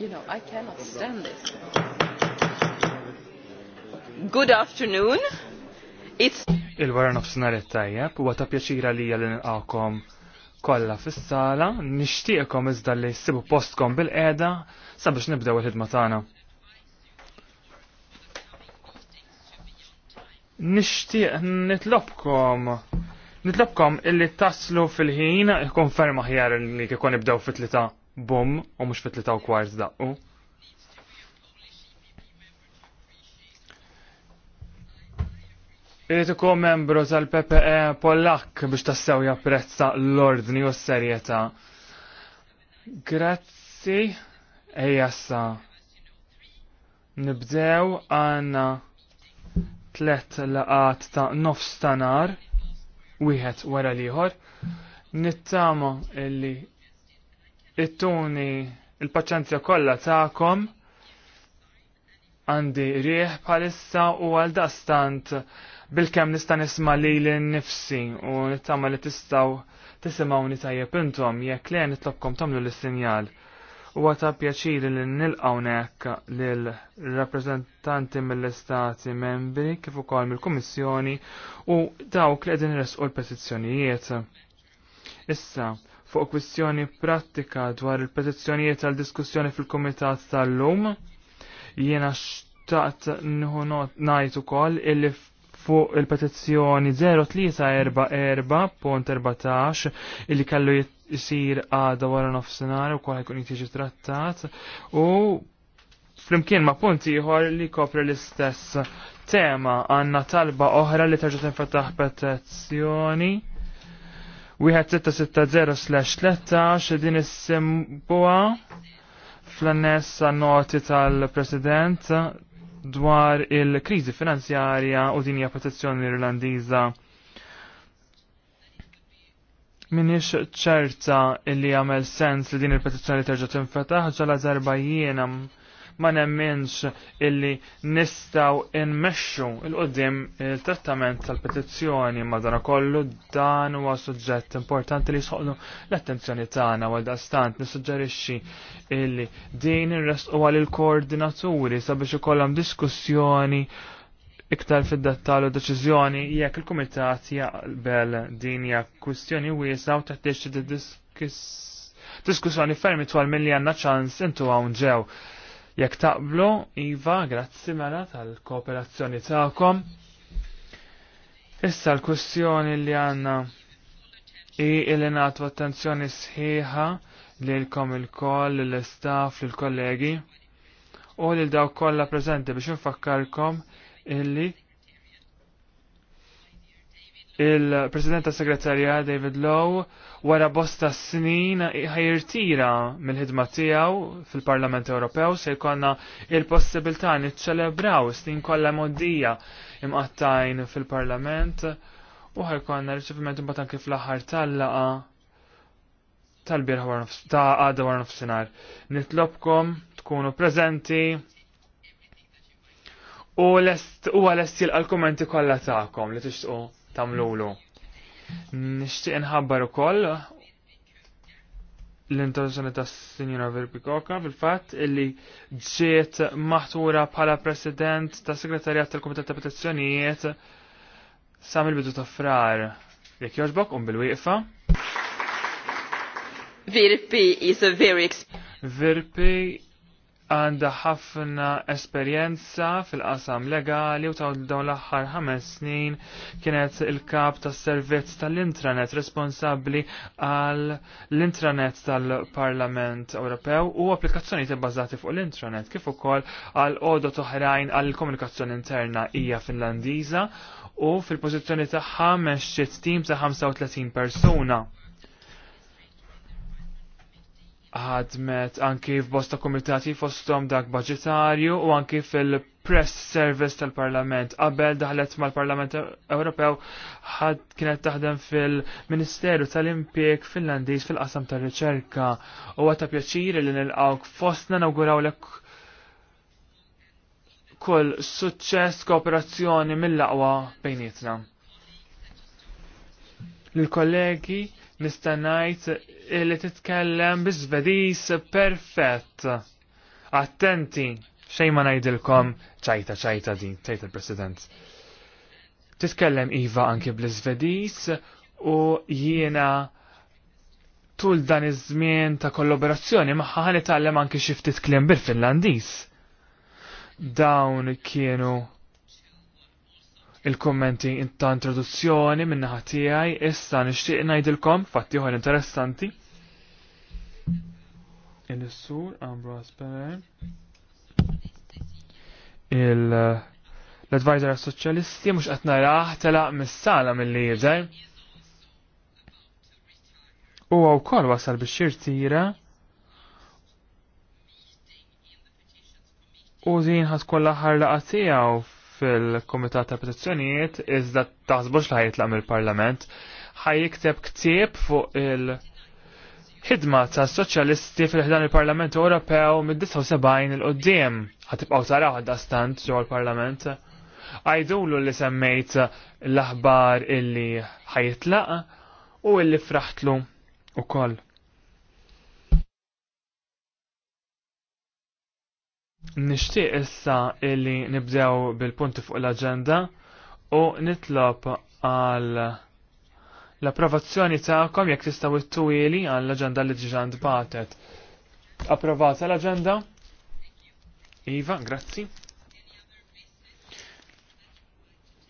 You know, I cannot stand this. Good afternoon. It's Il-wara nofsinhar it-tajjeb huwa ta' pjaċira li li nilqakom kollha fis-sala, nixtieqkom iżda li sibu postkom bil qeda sabiex nibdew il-ħidma tagħna. Nixtieq nitlobkom nitlobkom illi taslu fil-ħin ikkonferma ħjar li kikun ibdew fit-tlita bom u mhux fit ta' u kwart daqqu. Irrid ikun membru tal-PPE Pollak biex tassew japprezza l-ordni u s-serjetà. Grazzi, ejja sa. Nibdew għanna tlet laqat ta' nofs tanar, wieħed wara liħor, nittama illi it-tuni il-paċenzja kollha tagħkom għandi rieħ bħalissa u għal dastant bil-kem nista nisma li l-nifsi u nittama li tistaw tisimawni tajjeb intom jekk le nitlobkom tamlu l-sinjal. U għata pjaċiri li nilqawnek l-rappresentanti mill-istati membri kif ukoll mill-Kummissjoni u dawk li qegħdin resqu l-petizzjonijiet. Issa, fuq kwistjoni pratika dwar il-petizzjonijiet għal diskussjoni fil-Kumitat tal-lum. Jiena xtaqt nħu najt ukoll illi fuq il-petizzjoni 0344.14 illi kellu jisir għada wara nofsinhar u kol ħajkun jitiġi trattat u flimkien ma' punti ieħor li kopri l-istess tema għanna talba oħra li terġa' tinfetaħ petizzjoni 1660/13 din issimbuha fl-annes noti tal-President dwar il-kriżi finanzjarja u din hija protezzjoni Irlandiża. Minix ċerta illi għamel sens li din il-petizzjoni terġa' tinfetaħ ġala darba jiena ma nemminx illi nistaw inmexxu il-qoddim il-trattament tal-petizzjoni kollu dan huwa suġġett importanti li soqlu l-attenzjoni tagħna għal dastant nissuġġerixxi illi din irrest għal lill koordinaturi sabiex ikollhom diskussjoni iktar fid-dettal u deċiżjoni jekk il-Kumitat jaqbel din hija kwistjoni wiesa u taħtiex diskussjoni fermi twal milli għandna ċans intu hawn ġew. Jekk taqblu, Iva, grazzi mela tal-kooperazzjoni tagħkom. Issa l-kwestjoni li għanna i li natu attenzjoni sħiħa lilkom il-koll, l-istaff, l-kollegi u lil dawk kollha preżenti biex infakkarkom illi il-President ta' Segretarja David Lowe wara bosta snin ħajrtira mill-ħidma tiegħu fil-Parlament Ewropew se jkollna il-possibilità niċċelebraw snin kollha moddija imqattajn fil-Parlament u ħajkonna riċeviment imbagħad anke fl-aħħar tal-laqa tal-birħ ta' għada war' nofsinhar. Nitlobkom tkunu preżenti u lest u għalest jilqa l-kommenti kollha tagħkom li tixtqu tamlulu. Nixtieq nħabbar ukoll l-intenzjoni ta' Sinjora Verbikoka fil-fatt illi ġiet maħtura bħala president ta' segretarjat tal komitet ta' Petizzjonijiet Sam il bidu ta' frar. Jekk joġbok, un um bil-wieqfa. Virpi is a very Virpi Għandha ħafna esperjenza fil-qasam legali u taw dawn l-aħħar ħames snin kienet il-kap tas servizz tal-intranet responsabbli għal l-intranet tal-Parlament Ewropew u applikazzjoni tibbażati fuq l-intranet kif ukoll għal għodot oħrajn għal komunikazzjoni interna hija Finlandiża u fil-pożizzjoni tagħha mexxiet tim ta' 35 persuna ħadmet anki f'bosta komitati fostom dak budgetarju u anki fil-press service tal-Parlament. Qabel daħlet mal-Parlament Ewropew ħad kienet taħdem fil-Ministeru tal-Impjeg Finlandiż fil-qasam tar-riċerka. U għata pjaċiri li nilqawk fostna nawguraw lek kull suċċess kooperazzjoni mill-laqwa bejnietna. Lil kollegi nista' ngħid li titkellem biżvedis perfett. Attenti, xejn ma ngħidilkom ċajta ċajta din, ċajta il-President. Titkellem Iva anki bl-Svedis u jiena tul dan iż-żmien ta' kollaborazzjoni maħħa ħan tallem anke xi ftit kliem bil finlandis Dawn kienu il-kommenti ta' introduzzjoni minnaħa tiegħi issa nixtieq ngħidilkom fatti oħra interessanti. Il-sur Ambrose Perer. l-advisor soċjalisti mhux qed narah telaq mis-sala milli U Huwa wkoll wasal biex jirtira u zin ħadd kollha ħarlaqa tiegħu fil-Komitat ta' Petizzjonijiet iżda taħsbux li ħajitlaq mill-Parlament ħajikteb ktieb fuq il- ħidma ta' soċjalisti fil-ħdan il-Parlament Ewropew mid-79 il-qoddim ħatibqaw taraw għadda stant ġewwa l-Parlament. Għajdulu li semmejt l-aħbar illi ħajitlaq u illi fraħtlu koll. Nixtieq issa illi nibdew bil-punti fuq l-aġenda u nitlob għal l-approvazzjoni tagħkom jekk tistgħu għal għall aġenda li ġiġa batet. Approvata l-aġenda? Iva, grazzi.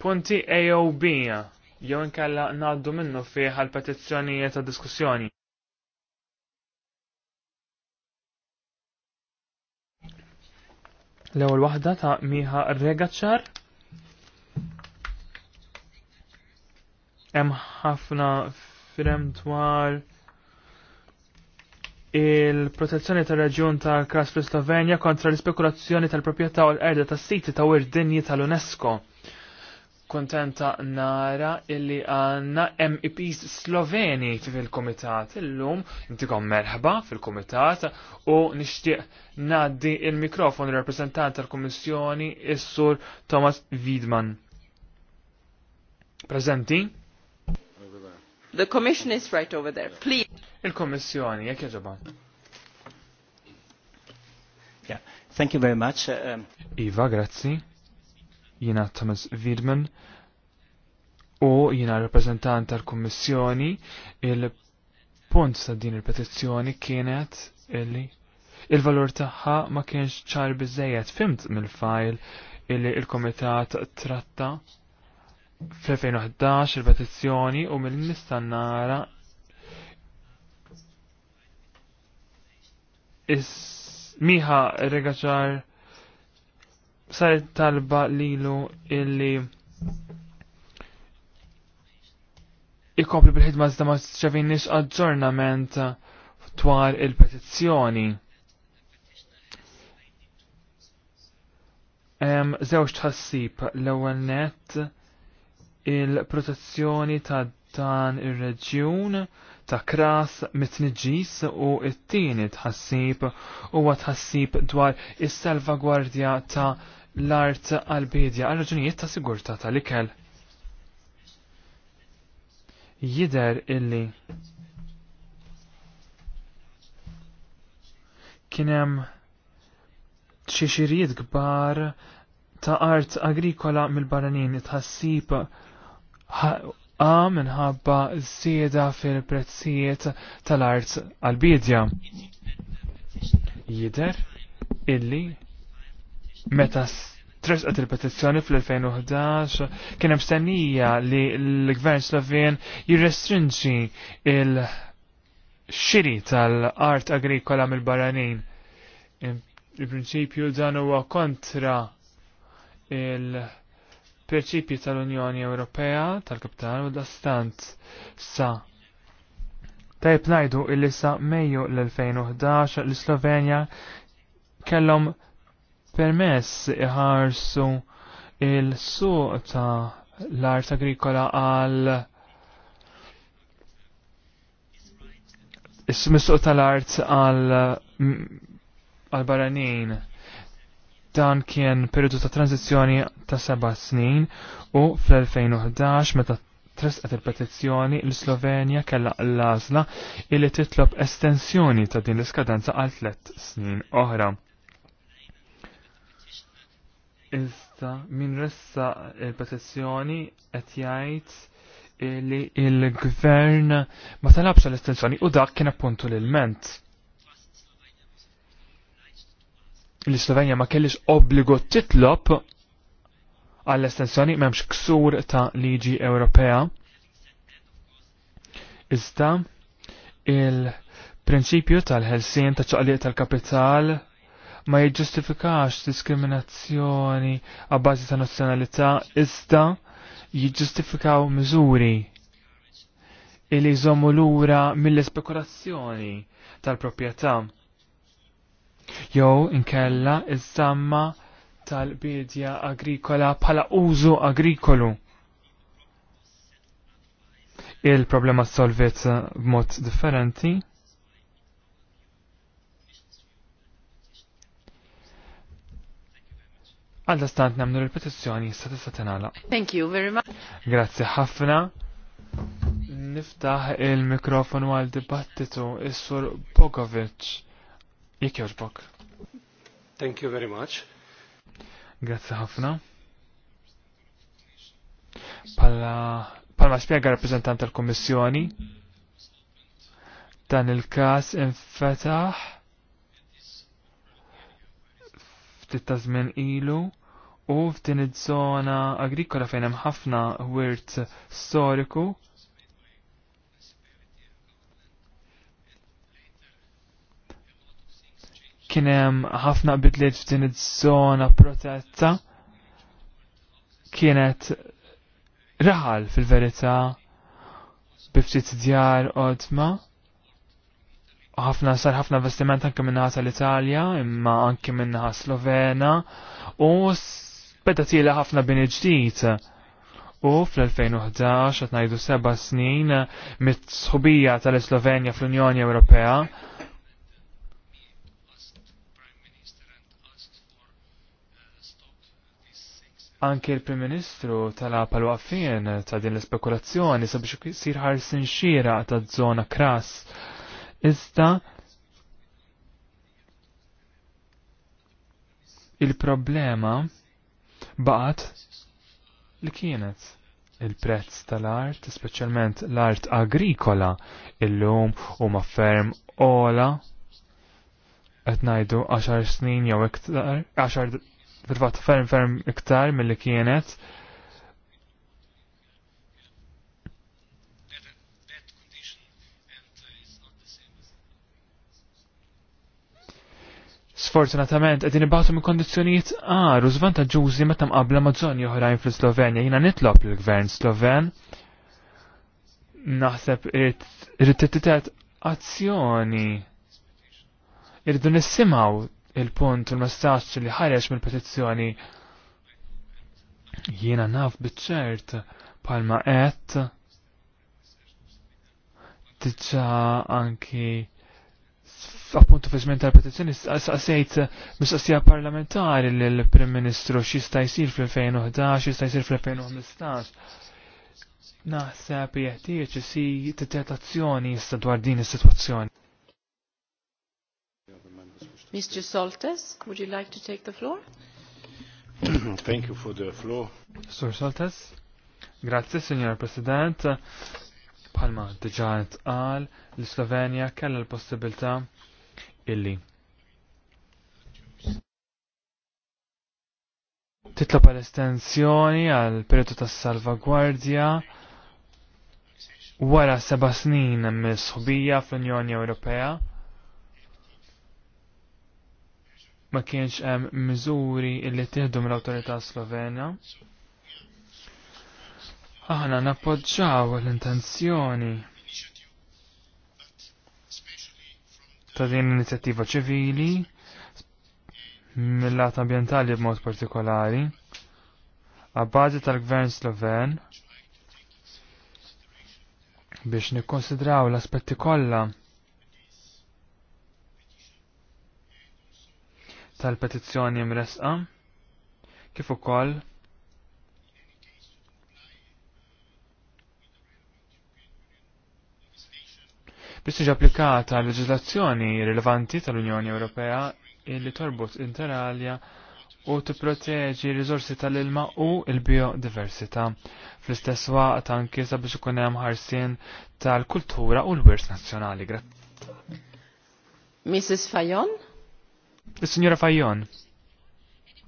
Punti AOB jew nkella ngħaddu minnu fih għal petizzjonijiet ta' diskussjoni. L-ewwel waħda ta' Miha Regaċar. Hemm ħafna firem dwar il-protezzjoni tal-reġjun tal-Kras fl-Slovenja kontra l spekulazzjoni tal-proprjetà u l-erda tas-siti ta' wirdinji tal-UNESCO kontenta nara illi għanna MEPs sloveni fil-komitat illum, intikom merħba fil-komitat u nishtiq naddi il-mikrofon il-rappresentant tal-Komissjoni is-sur Thomas Wiedman. Prezenti? The Commission is right over there, please. Il-Komissjoni, jek jaġoba. Yeah. Thank you very much. Uh, um... Iva, grazzi jina Thomas Wiedman u jina rappresentant tal-Kommissjoni il-punt ta' din il-petizzjoni kienet illi il-valur tagħha ma kienx ċar biżejjed fimt mill-fajl illi il-Komitat tratta fl-2011 il-petizzjoni u mill-nistannara is miħa regaċar saret talba lilu illi ikompli bil-ħidma zda ma ċavinix aġġornament dwar il-petizzjoni. Zewġ tħassib l-ewwel net il-protezzjoni ta' dan ir-reġjun ta' kras mitniġis u it-tieni tħassib huwa tħassib dwar is-salvagwardja ta' l-art għal-bidja għal raġunijiet ta' sigurta tal-ikel. Jider illi kienem xi gbar kbar ta' art agrikola mill-baranin tħassib ħa minħabba żieda fil-prezzijiet tal-art għal-bidja. Jider illi Meta tresqet il-petizzjoni fl-2011 kien hemm stennija li l-Gvern Sloven jirrestrinġi il-xiri tal-art agrikola mill-barranin. Il-prinċipju dan huwa kontra il- prinċipji tal-Unjoni Ewropea tal kapitan u l-Astant sa. Tajb najdu illi sa Mejju l-2011 l-Slovenja kellhom permess iħarsu il-suq ta' l-art agrikola għal is-suq tal-art għal għal baranin dan kien periodu ta' tranzizjoni ta' seba' snin u fl-2011 meta tresqet il-petizzjoni l-Slovenja kella l-azla illi titlob estensjoni ta' din l-iskadenza għal tlet snin oħra. Iżda min ressa il-petizzjoni qed jgħid li il-gvern ma talabx l-estensjoni u dak kien appuntu l-ilment. L-Slovenja ma kellix obbligo titlob għall-estensjoni m'hemmx ksur ta' liġi Ewropea. Iżda il-prinċipju tal-ħelsien ta' ċaqliq tal-kapital ma jiġġustifikax diskriminazzjoni għabbażi ta' nazzjonalità iżda jiġġustifikaw miżuri illi jżommu lura mill-espekulazzjoni tal-proprjetà jew inkella iż-żamma tal-bidja agrikola bħala użu agrikolu. Il-problema solvet b'mod differenti Għalda stant namnu l-petizzjoni jista tista' tingħala. Thank you very much. Grazzi ħafna. Niftaħ il-mikrofonu għal dibattitu is-sur Bogovic. Jek jogħġbok. Thank you very much. Grazzi ħafna. Palla palma spiega rappresentant tal-Kommissjoni dan il-kas infetaħ ftit ta' ilu U f'din iż-żona agrikola fejn hemm ħafna wirt storiku kien hemm ħafna bidliet f'din iż-żona protetta kienet raħal fil-verità biftit djar qodma ħafna sar ħafna vestiment anke minnaħa tal-Italja imma anke minnaħa Slovena u beda tiela ħafna bin ġdid. U fl-2011 qed ngħidu seba' snin mit-sħubija tal-Slovenja fl-Unjoni Ewropea Anke il-Prim Ministru talab għal għaffin ta' din l-spekulazzjoni sabiex sir ħarsin xira ta' żona kras. Iżda il-problema baqat li kienet il-prezz tal-art, specialment l-art agrikola, illum u ma ferm ola, qed ngħidu 10 snin jew iktar, 10 fil-fatt ferm ferm iktar milli kienet sfortunatament qegħdin ibatu minn kondizzjonijiet għar u żvantaġġużi meta mqabbla ma' żoni oħrajn fl-Slovenja. Jina nitlob l gvern Sloven naħseb irid tittet azzjoni. Irridu nissimaw il-punt u l-messaġġ li ħareġ mill-petizzjoni. Jiena naf biċ-ċert palma qed diġà anki appunto fi żmien tal-petizzjoni saqsejt mistoqsija parlamentari l prim Ministru x'jista' jsir fl-2011, x'jista' jsir fl-2015. Naħseb jeħtieġ isir titetazzjoni issa dwar din is-sitwazzjoni. Mr. Soltes, would you like to take the floor? Thank you for the floor. Sir Soltes, grazie, Signor President. Palma diġa għal l-Slovenja kella l-possibilta illi titla estensjoni għal periodu tas salvagwardja wara seba' snin mis sħubija fl-Unjoni Ewropea. Ma kienx hemm miżuri illi tieħdu mill-Awtorità Slovena. Aħna nappoġġaw l-intenzjoni ta' din l-inizjattiva ċivili mill-lat ambientali b'mod partikolari għabbażi tal-gvern sloven biex nikkonsidraw l-aspetti kollha tal-petizzjoni mresqa kif ukoll biex tiġi applikata leġislazzjoni rilevanti tal-Unjoni Ewropea illi torbot interalja u tipproteġi rizorsi tal-ilma u l-biodiversità. Fl-istess waqt anki sabiex ikun hemm ħarsien tal-kultura u l-wirs nazzjonali. Mrs. Fajon? Is-Sinjora Fajon.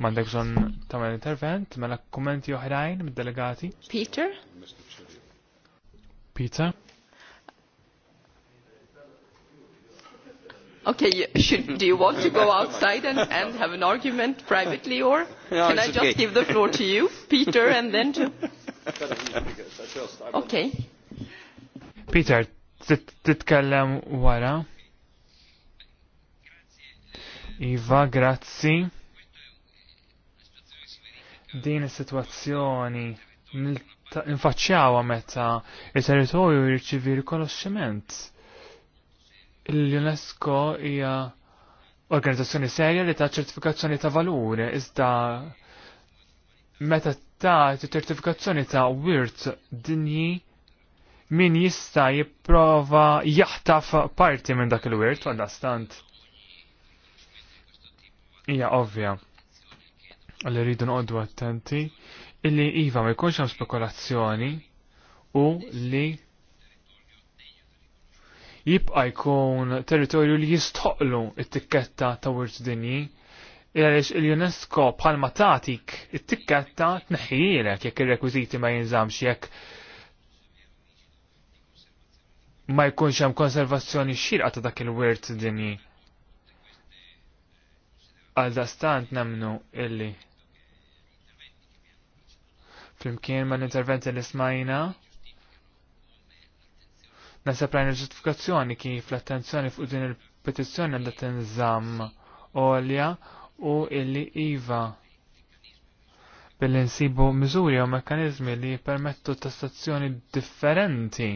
M'għandek bżonn tagħmel intervent, mela kummenti oħrajn mid-delegati? Peter? Peter? Okay, should, do you want to go outside and, and have an argument privately, or no, can I just okay. give the floor to you, Peter, and then to... Okay. Peter, titkellem wara. Iva, grazzi. Din is-sitwazzjoni nfaċċjawha meta il-territorju jirċivi rikonoxximent l-UNESCO hija organizzazzjoni serja li ta' ċertifikazzjoni ta' valuri, iżda meta ta' ċertifikazzjoni ta' wirt dinji min jista' jipprova jaħtaf parti minn dak il-wirt għal stant. Hija ovvja li rridu noqogħdu attenti illi iva ma jkunx hemm spekulazzjoni u li jibqa' jkun territorju li jistoqlu it-tikketta ta' wirt dinji għaliex il-UNESCO bħalma tatik it-tikketta tneħħilek jekk ir-rekwiżiti ma jinżamx jekk ma jkunx hemm konservazzjoni xirqa ta' dak il-wirt dinji. Għal dastant nemnu illi. Flimkien ma l-interventi l-ismajna, Nasab rajna ġustifikazzjoni kif l-attenzjoni fuq din il-petizzjoni għandha tinżamm olja u illi iva billi nsibu miżuri u mekkanizmi li permettu tassazzjoni differenti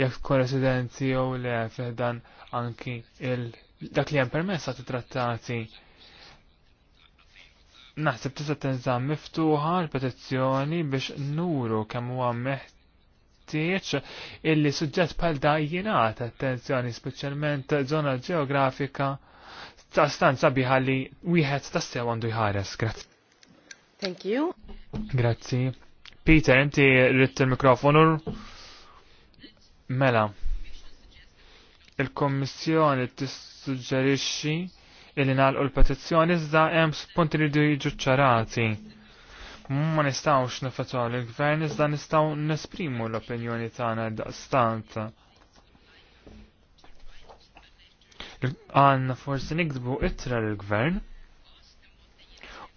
jekk tkun residenti jew le fiħdan anki il dak li hemm permessa titrattati naħseb tista' tinżamm miftuħa l-petizzjoni biex nuru kemm huwa meħt jeħtieġ illi suġġett pal da jingħata attenzjoni speċjalment żona ġeografika ta' stanza biħalli wieħed tassew għandu jħares. Grazzi. Thank you. Grazzi. Peter, inti ritt il-mikrofonu. Mela. Il-Kommissjoni tissuġġerixxi illi nagħlqu l-petizzjoni iżda hemm spunti li jiġu ċarati ma nistawx nifetwa l-gvern iżda nistaw nesprimu l-opinjoni tagħna daqstant. Għanna forsi nikdbu ittra l-gvern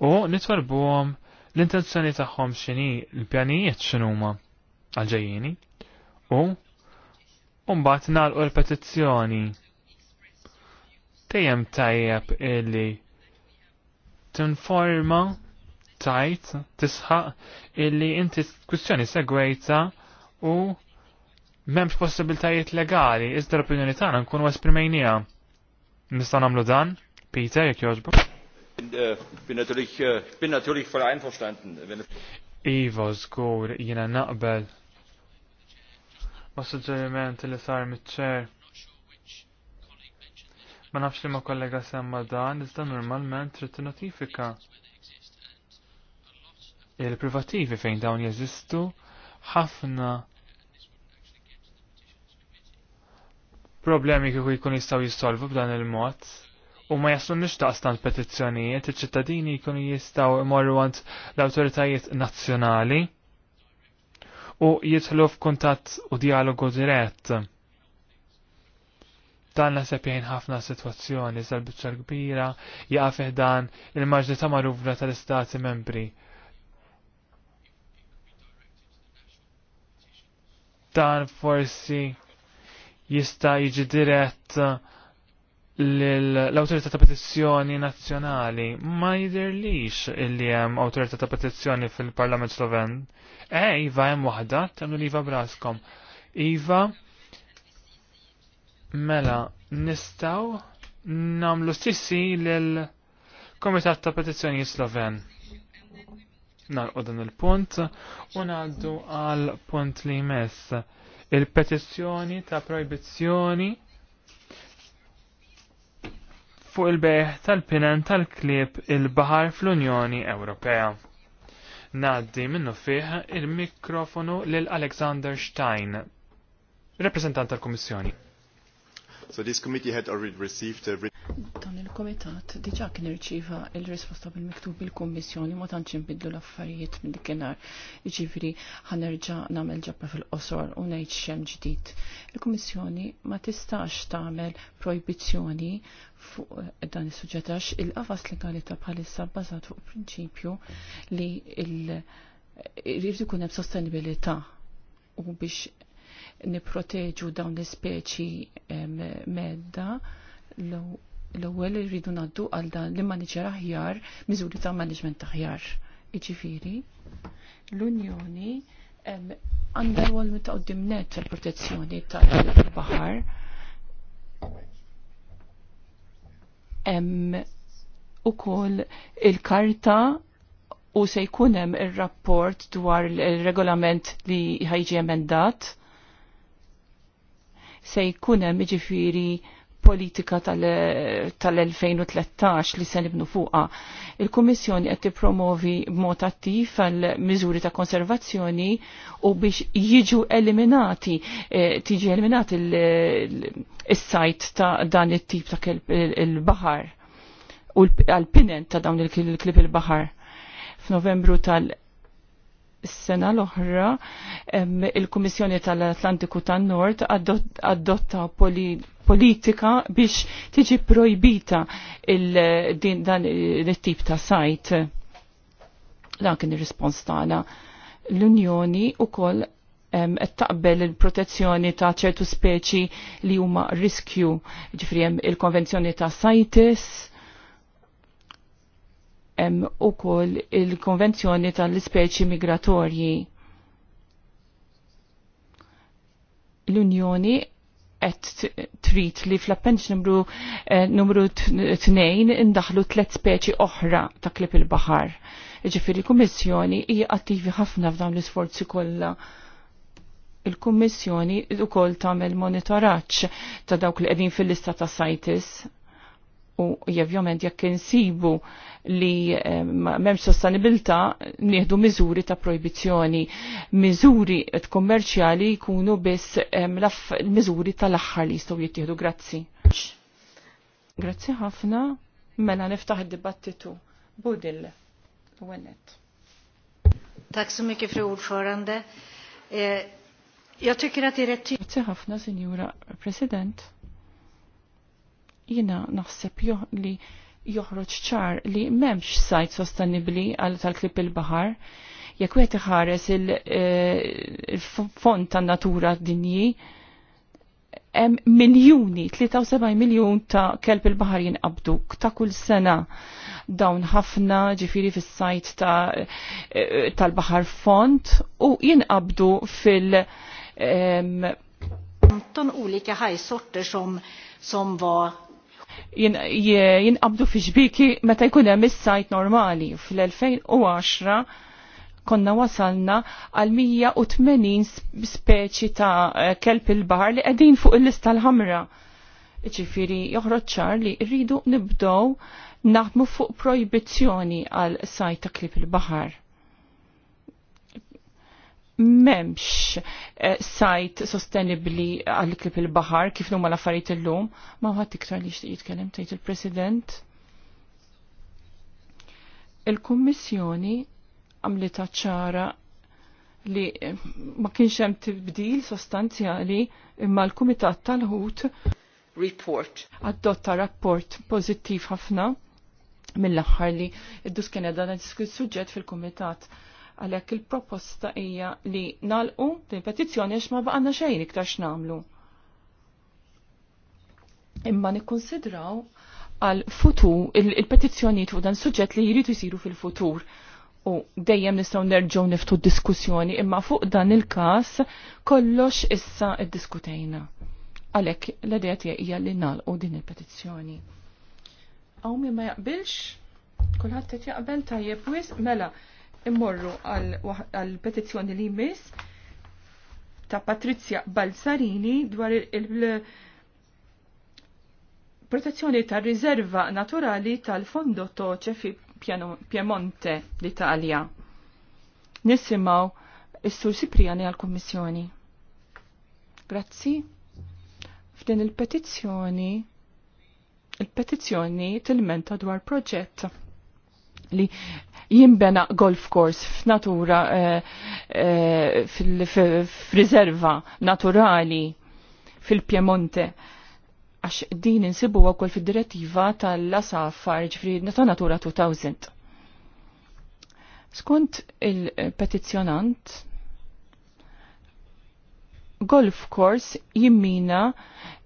u nitwalbuhom l-intenzjoni tagħhom x'inhi l-pjanijiet x'inhuma għalġejjini u mbagħad nagħlqu l-petizzjoni dejjem tajjeb illi tinforma tajt, tisħaq illi inti kwistjoni segwejta u memx possibiltajiet legali, iżda l-opinjoni tagħna nkunu esprimejnija. Nista' nagħmlu dan, Peter, jekk jogħġbok. Bin äh, äh, natürlich voll einverstanden. Iva, żgur, jiena naqbel. Ma suġġeriment li sar mit Ma nafx li ma kollega semma dan, iżda normalment trid notifika il-privattivi fejn dawn jeżistu ħafna problemi kieku jkun jistgħu jissolvu b'dan il-mod u ma jaslu nixtaqs tant petizzjonijiet, iċ-ċittadini jkunu jistgħu imorru għand l-awtoritajiet nazzjonali u jitħlu f'kuntatt u dialogu dirett. Dan nasib jgħin ħafna situazzjoni sal-bicċa kbira jgħafih dan il-marġni ta' maruvra tal-istati membri dan forsi jista' jiġi dirett l-autorità ta' petizzjoni nazzjonali ma jidirlix illi hemm autorità ta' petizzjoni fil-Parlament Sloven. E, Iva hemm waħda, tagħmlu l Iva braskom. Iva, mela, nistaw namlu stissi l-Komitat ta' Petizzjoni Sloven narqu dan il-punt u ngħaddu għal punt li jmess il-petizzjoni ta' proibizzjoni fuq il-beħ tal-pinen tal-klib il-bahar fl-Unjoni Ewropea. Naddi minnu fih il-mikrofonu lil Alexander Stein, rappresentant tal komissjoni So this committee had already received a Dan il-komitat diġa kien irċiva il-risposta bil-miktub bil-kommissjoni ma tantx inbidlu l-affarijiet minn dikinhar. Jiġifieri ħanerġa' nagħmel ġabba fil-qosor u ngħid xemm ġdid. Il-Kummissjoni ma tistax tagħmel proibizzjoni fuq eh, dan is-suġġett għax il-qafas legalità bħalissa bbażat fuq prinċipju li il- irrid eh, ikun hemm sostenibilità u biex niproteġu dawn l-speċi eh, medda l-ewwel irridu ngħaddu għal dan li maniġer aħjar, miżuri ta' maniġment aħjar. Iġifieri, l-Unjoni għandha rwol ta' qudiem net tal-protezzjoni tal-baħar. Hemm ukoll il-karta u se jkun hemm ir-rapport dwar il-regolament li ħajġi emendat se jkun hemm jiġifieri politika tal-2013 li se nibnu fuqa. Il-Kummissjoni qed tippromovi b'mod attiv għal miżuri ta' konservazzjoni u biex jiġu eliminati eh, tiġi eliminati il-sajt ta' dan it-tip ta' il-baħar u għal-pinent ta' dawn il-klip il-baħar. F'Novembru tal- s sena l-oħra il-Kummissjoni tal-Atlantiku tan-Nord adotta politika biex tiġi projbita dan it-tip ta' sajt. Dan kien ir-rispons tagħna. L-Unjoni wkoll qed taqbel il-protezzjoni ta' ċertu speċi li huma riskju, ġifri il-Konvenzjoni ta' CITES, hemm ukoll il-Konvenzjoni tal-Ispeċi Migratorji. L-Unjoni qed trid li fl appendix numru eh, numru tnejn indaħlu tliet speċi oħra ta' klip il-baħar. Ġifieri l-Kummissjoni hija attivi ħafna f'dawn l-isforzi kollha il-Kummissjoni ukoll tagħmel monitoraġġ ta' dawk li qegħdin fil-lista ta' CITES u jevjament jekk insibu li eh, memx sostenibilta nieħdu miżuri ta' proibizjoni. Miżuri kommerċjali jkunu biss eh, miżuri tal-aħħar li jistgħu jittieħdu. Grazzi. Grazzi ħafna. Mela niftaħ id-dibattitu. Budil. Wennet. Tack så mycket fru ordförande. Eh, jag tycker att det är rätt tydligt. Grazie ħafna, signora president jina naħseb li joħroġ ċar li memx sajt sostenibli għal tal-klip il-bahar, jekk wieħed iħares il-fond il eh, tan-natura dinji, hemm miljuni, 73 miljun ta' kelb il-bahar jinqabdu ta' kull sena dawn ħafna ġifiri fis-sajt ta' eh, tal-bahar font u jinqabdu fil- um, 15 ħaj sorti som, som var jinqabdu fi xbiki meta jkun hemm is-sajt normali. Fl-2010 konna wasalna għal 180 speċi ta' kelp il bar li qegħdin fuq il-lista l-ħamra. Ġifieri joħroġ ċar li rridu nibdew naħdmu fuq projbizzjoni għal sajt ta' klip il baħar memx eh, sajt sostenibli għal-klip il-bahar kif l l-affarijiet l ma għad iktar li jitkellem tajt il-President. Il-Kommissjoni għamlita ċara li eh, ma kienx hemm tibdil sostanzjali imma l-Kumitat tal-Ħut report. Adotta rapport pożittiv ħafna mill-aħħar li id-dus kien dan suġġett fil-Kumitat Għalhekk il-proposta hija li nalqu din petizzjoni għax ma baqanna xejn iktar x'namlu. Imma nikkonsidraw għal futur il-petizzjonijiet fuq dan suġġett li jridu jisiru fil-futur u dejjem nistgħu nerġgħu niftu diskussjoni imma fuq dan il-każ kollox issa id-diskutejna. Għalhekk l-idea hija li nagħlqu din il-petizzjoni. Hawn min ma jaqbilx, kulħadd qed jaqbel tajjeb wis mela immorru għal petizzjoni li jmiss ta' Patrizja Balsarini dwar il- protezzjoni tar riserva naturali tal-Fondo Toċe fi Piemonte l-Italja. Nisimaw is-Sur Sipriani għal-Kommissjoni. Grazzi. F'din il-petizzjoni il-petizzjoni tilmenta dwar proġett li jimbena golf course f'natura eh, eh, f'riserva naturali fil-Piemonte għax din insibu wkoll fid-direttiva tal-asafar ġifri ta' Natura 2000. Skont il-petizzjonant, golf course jimmina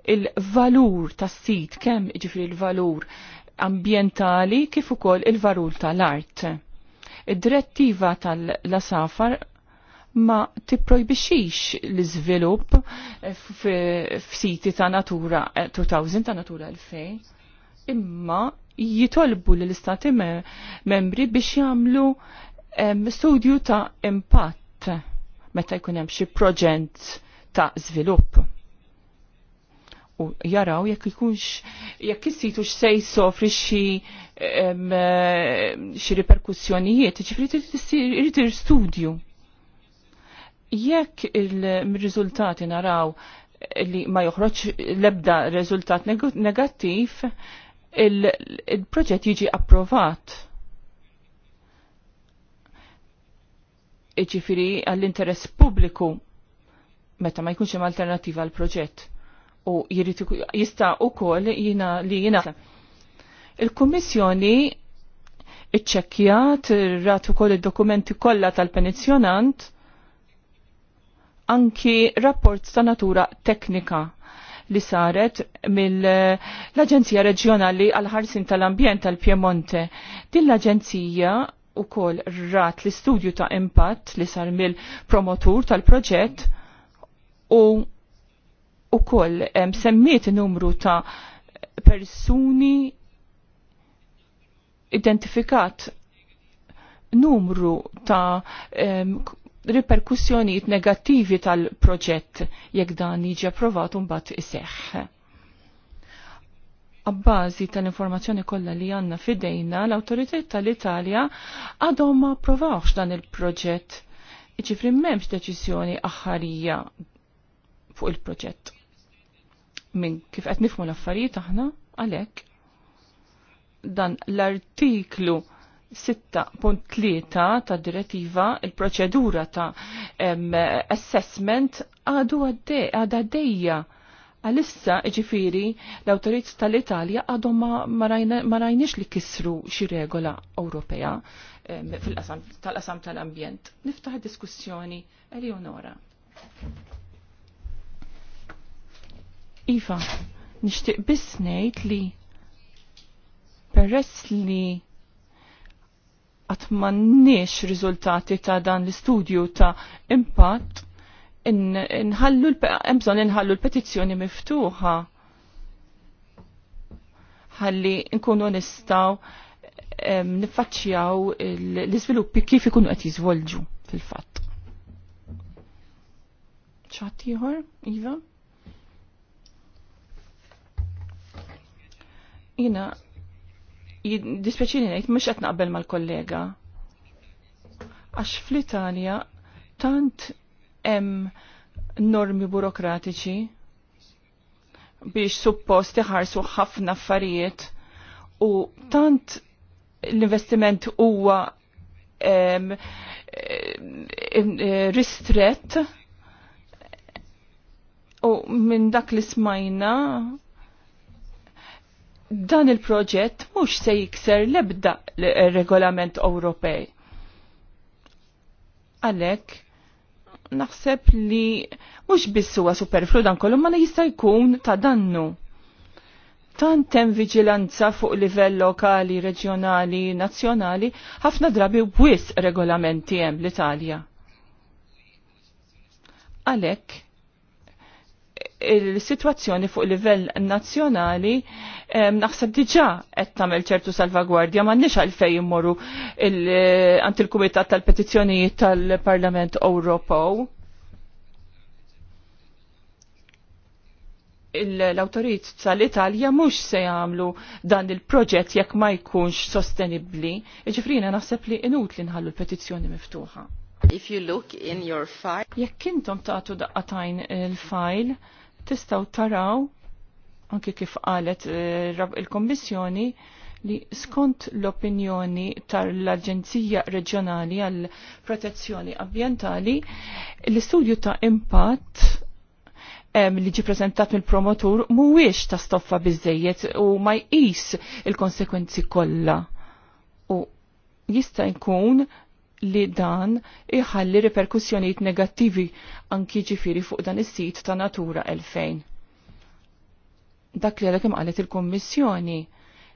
il-valur tas sit kemm ġifri il-valur ambientali kif ukoll il-varul tal-art. Id-direttiva tal-lasafar ma tipprojbixix l-iżvilupp f'siti ta' natura 2000 ta' natura 2000 imma jitolbu l-istati membri biex jagħmlu studju ta' impatt meta jkun hemm xi proġent ta' żvilupp u jaraw jekk ikunx jekk issitu situ se jsofri xi xi riperkussjonijiet, ġifri irid studju. Jekk il-riżultati naraw li ma joħroġ l-ebda riżultat negattiv, il-proġett jiġi approvat. Ġifiri għall-interess pubbliku meta ma jkunx hemm alternattiva għal proġett u jista' kol jina li jina. Il-Kummissjoni iċċekkjat ratu ukoll id-dokumenti kollha tal-penizjonant anki rapport ta' natura teknika li saret mill-Aġenzija Reġjonali għal-ħarsin tal-Ambjent tal-Piemonte. Din l-Aġenzija u kol rat l-istudju ta' impatt li sar mill-promotur tal-proġett u u koll semmiet numru ta' persuni identifikat numru ta' um, riperkussjonijiet negattivi tal-proġett jekk dan jiġi approvat mbagħad iseħħ. Abbażi tal-informazzjoni kollha li għandna fidejna, l awtoritet tal-Italja għadhom ma approvawx dan il-proġett. Iġifri m'hemmx deċiżjoni aħħarija fuq il-proġett minn kif qed nifmu l-affarijiet aħna għalhekk dan l-artiklu 6.3 ta' direttiva il-proċedura ta' assessment għadu għadda għaddejja għalissa ġifiri l-autorit tal-Italja għadu ma rajniex li kisru xi regola Ewropea fil-qasam tal-ambjent. Niftaħ diskussjoni Eleonora. Iva, nishtiq biss ngħid li peress li m'għandniex riżultati ta' dan l-istudju ta' impatt, inħallu l-bżon inħallu l-petizzjoni miftuħa. Ħalli nkunu nistaw nifaċċjaw l-izviluppi kif ikunu qed jiżvolġu fil-fatt. ċatiħor, Iva? jina dispjaċini ngħid mhux qed naqbel mal-kollega. Għax fl-Italja tant hemm normi burokratiċi biex suppost iħarsu ħafna affarijiet u tant l-investiment huwa ristret u minn dak li smajna dan il-proġett mhux se jikser lebda eh, regolament Ewropej. Għalhekk naħseb li mhux biss huwa superflu dan kollu ma jista' jkun ta' dannu. Tant hemm viġilanza fuq livell lokali, reġjonali, nazzjonali, ħafna drabi wis regolamenti hemm l-Italja. Għalhekk il-situazzjoni fuq livell nazzjonali naħseb diġà qed tagħmel ċertu salvagwardja m'għandniex għalfejn immorru għand il-Kumitat tal-Petizzjonijiet tal-Parlament Ewropew. l-autorit tal-Italja mhux se jagħmlu dan il-proġett jekk ma jkunx sostenibbli, Iġifrina naħseb li inutli nħallu l-petizzjoni miftuħa. If you look in your file. Jekk intom tagħtu daqqatajn il-file, tistaw taraw anki kif qalet eh, il-Kommissjoni li skont l-opinjoni tal-Aġenzija Reġjonali għal Protezzjoni Ambjentali, l-istudju ta' impatt li ġi prezentat mill-promotur mhuwiex ta' stoffa biżejjed u ma jqis il-konsekwenzi kollha. U jista' jkun li dan iħalli reperkussjonijiet negattivi anki ġifiri fuq dan is-sit ta' Natura 2000. Dak li għalek qalet il-Kommissjoni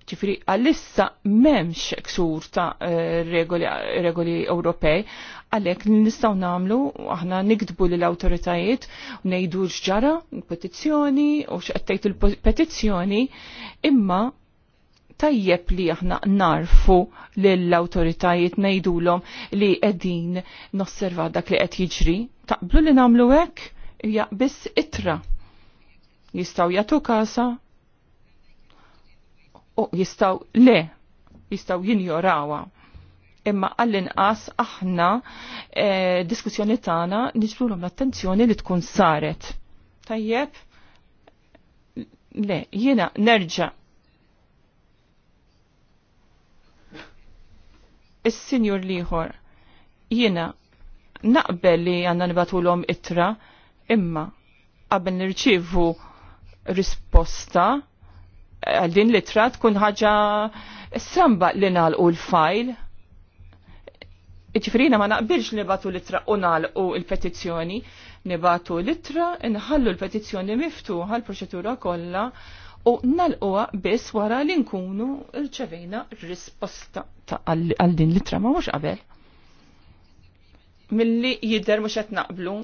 ġifiri għalissa memx ksur ta' eh, regoli, regoli Ewropej, għalek nistaw namlu, aħna nikdbu l autoritajiet nejdu xġara, petizzjoni, u xqettajt il-petizzjoni, imma tajjeb li aħna narfu l awtoritajiet ngħidulhom li qegħdin nosserva dak li qed jiġri. Taqblu li nagħmlu hekk? jaqbis biss itra. Jistaw jagħtu kasa, u jistaw le, jistaw jinjorawa. Imma għall-inqas aħna e, diskussjoni tagħna niġbru l-attenzjoni li tkun saret. Tajjeb, le, jiena nerġa' is-sinjur liħor. jina, naqbel li għanna nibatulom itra, imma qabel nirċivu risposta eh, għal din l-itra tkun ħaġa samba li nalqu l-fajl. Iċifrina ma naqbilx nibatu l-itra u nalqu l-petizzjoni, nibatu l-itra, nħallu l-petizzjoni miftuħa l proċetura kollha u nalquha biss wara li nkunu rċevejna risposta għal din litra ma mhux qabel. Milli jidher mhux qed naqblu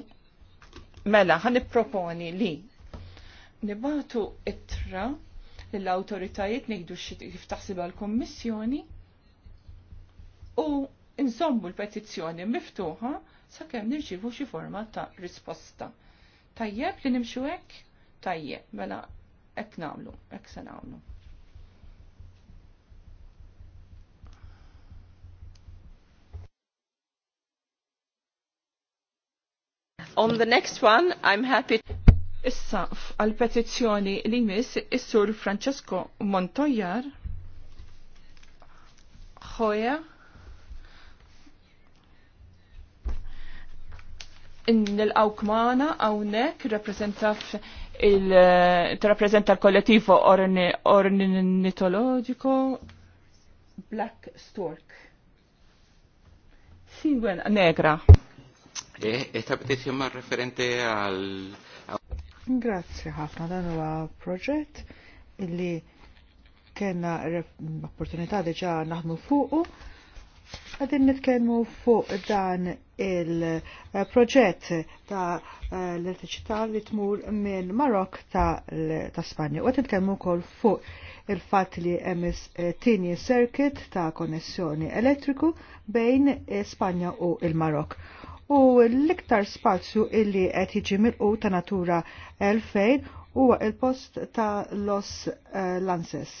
mela ħan proponi li nibatu ittra l-autoritajiet nejdu kif taħsib l-Kommissjoni u nżommu l-petizzjoni miftuħa sakemm nirċivu xi forma ta' risposta. Tajjeb li nimxu hekk? Tajjeb, mela Ek namlu, ek se namlu. On the next one, I'm happy. Issa, għal petizzjoni li jmiss is-sur Francesco Montoyar In nil Awkmana maħna għawnek reprezentaf il-rappresenta eh, l-kollettivo ornitologico Black Stork. Singwen negra. E esta petizione ma' referente għal. Grazie ħafna dan huwa proġett illi kena opportunità diġa naħdmu fuqu Għadin nitkellmu fuq dan il-proġett ta' l-elettriċità li tmur minn Marok ta' Spanja. U għadin nitkellmu kol fuq il-fat li emis tini circuit ta' konnessjoni elettriku bejn Spanja u il-Marok. U l-iktar spazju illi qed jiġi milqu ta' natura 2000 huwa il-post ta' Los eh, Lances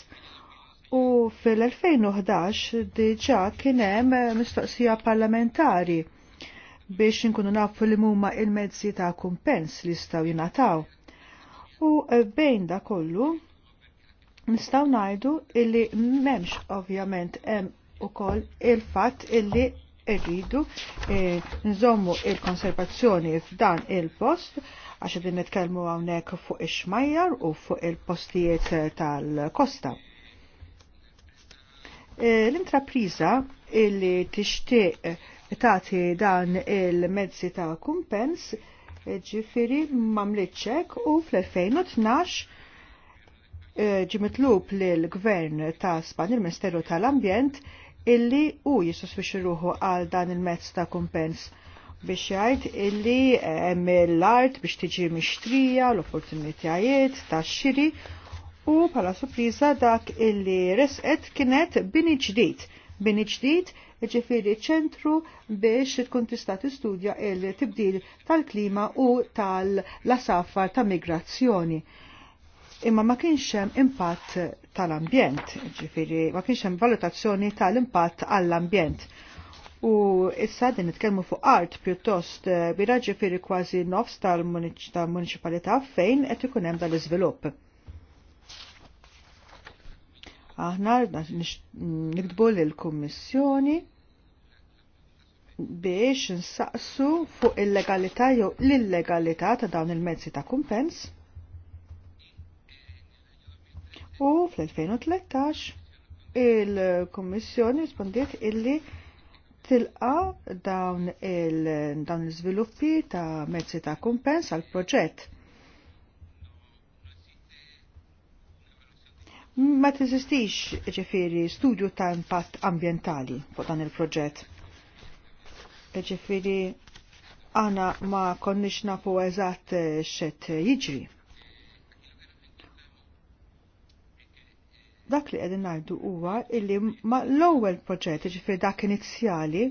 U fil-2011 diġa kienem mistoqsija parlamentari biex nkunu nafu li mumma il-mezzi ta' kumpens li staw jinataw. U bejn da kollu nistaw najdu illi memx ovvjament hemm ukoll il-fatt illi irridu e, nżommu il-konservazzjoni f'dan il-post għax din nitkellmu hawnhekk fuq ix-xmajjar u fuq il-postijiet tal-kosta. Eh, l-intrapriża illi tixtieq eh, tagħti dan il-mezzi ta' kumpens eh, ġifiri mamlitxek u fl-2012 ġimitlub l-Gvern ta' Span il-Ministeru tal-Ambjent illi u jisosfix ruħu għal dan il-mezz ta' kumpens biex jgħid illi hemm l-art biex tiġi mixtrija l-opportunitajiet tax-xiri u pala surpriza dak illi resqet kienet bini ġdid. Bini ġdid ġifiri ċentru biex tkun tista' tistudja il-tibdil tal-klima u tal-lasaffar ta' migrazzjoni. Imma ma kienx hemm impatt tal-ambjent, ġifiri ma kienx hemm valutazzjoni tal-impatt għall-ambjent. U issa din nitkellmu fuq art pjuttost eh, biraġi firri kważi nofs tal-municipalità fejn qed ikun hemm dal-iżvilupp. Aħna nikdbu lill-Kummissjoni biex nsaqsu fuq il-legalità jew l-illegalità ta' dawn il-mezzi ta' kumpens. U fl-2013 il-Kommissjoni rispondiet illi tilqa dawn il-żviluppi ta' mezzi ta' kumpens għal proġett ma teżistix ġifiri studju ta' impatt ambientali fuq dan il-proġett. E ġifiri għana ma konniex nafu eżatt eh, xet jiġri. Dak li għedin najdu huwa illi ma l-ewwel proġett ġifiri dak inizjali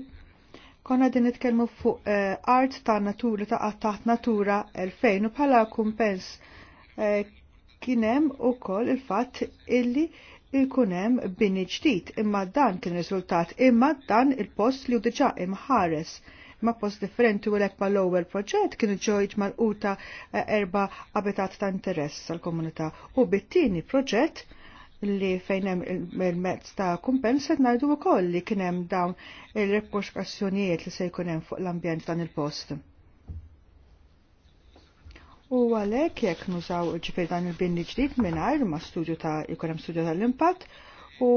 konna din nitkellmu fuq eh, art ta' natura ta' taħt natura 2000 u bħala kumpens eh, kienem u kol il-fat illi il-kunem bini ġdid imma dan kien riżultat imma dan il-post li u diġa imħares ma post differenti u l-ekpa l-ewwel proġett kienu ġojt mal-uta eh, erba abitat ta' interess għal-komunità u bit-tieni proġett li fejnem il-mezz ta' kumpenset najdu u koll li kienem dawn il-reperkussjonijiet li se jkunem fuq l-ambjent dan il-post. U għalek jekk nużaw ġifir dan il-bini ġdid minnajr ma studju ta' studio studju tal-impatt u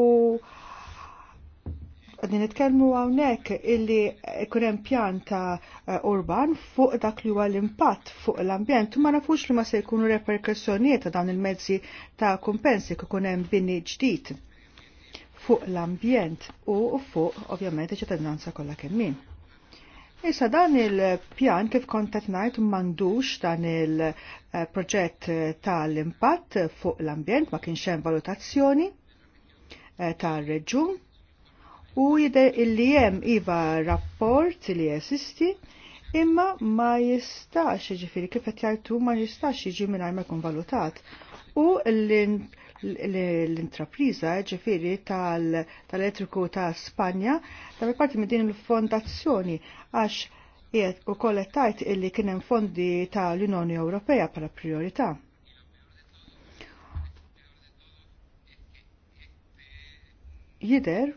għadin nitkellmu għawnek illi jkunem pjan ta' eh, urban fuq dak li huwa l-impatt fuq l-ambjent ma nafux li ma se jkunu reperkussjonijiet ta' dawn il-mezzi ta' kumpensi kunem bini ġdid fuq l-ambjent u fuq ovvjament iċ-ċittadinanza kollha kemm Issa dan il-pjan kif kont qed ngħid m'għandux dan il-proġett tal-impatt fuq l-ambjent ma kienx hemm valutazzjoni eh, tar-reġun u jide illi hemm iva rapport li jesisti imma ma jistax jiġifieri kif qed jgħidtu ma jistax jiġi mingħajr ma jkun valutat u l l-intrapriza ġifiri tal-elettriku ta' Spanja mi parti minn din il-fondazzjoni għax jiet u kollettajt illi kienem fondi ta' l-Unjoni Ewropea pala priorità. Jider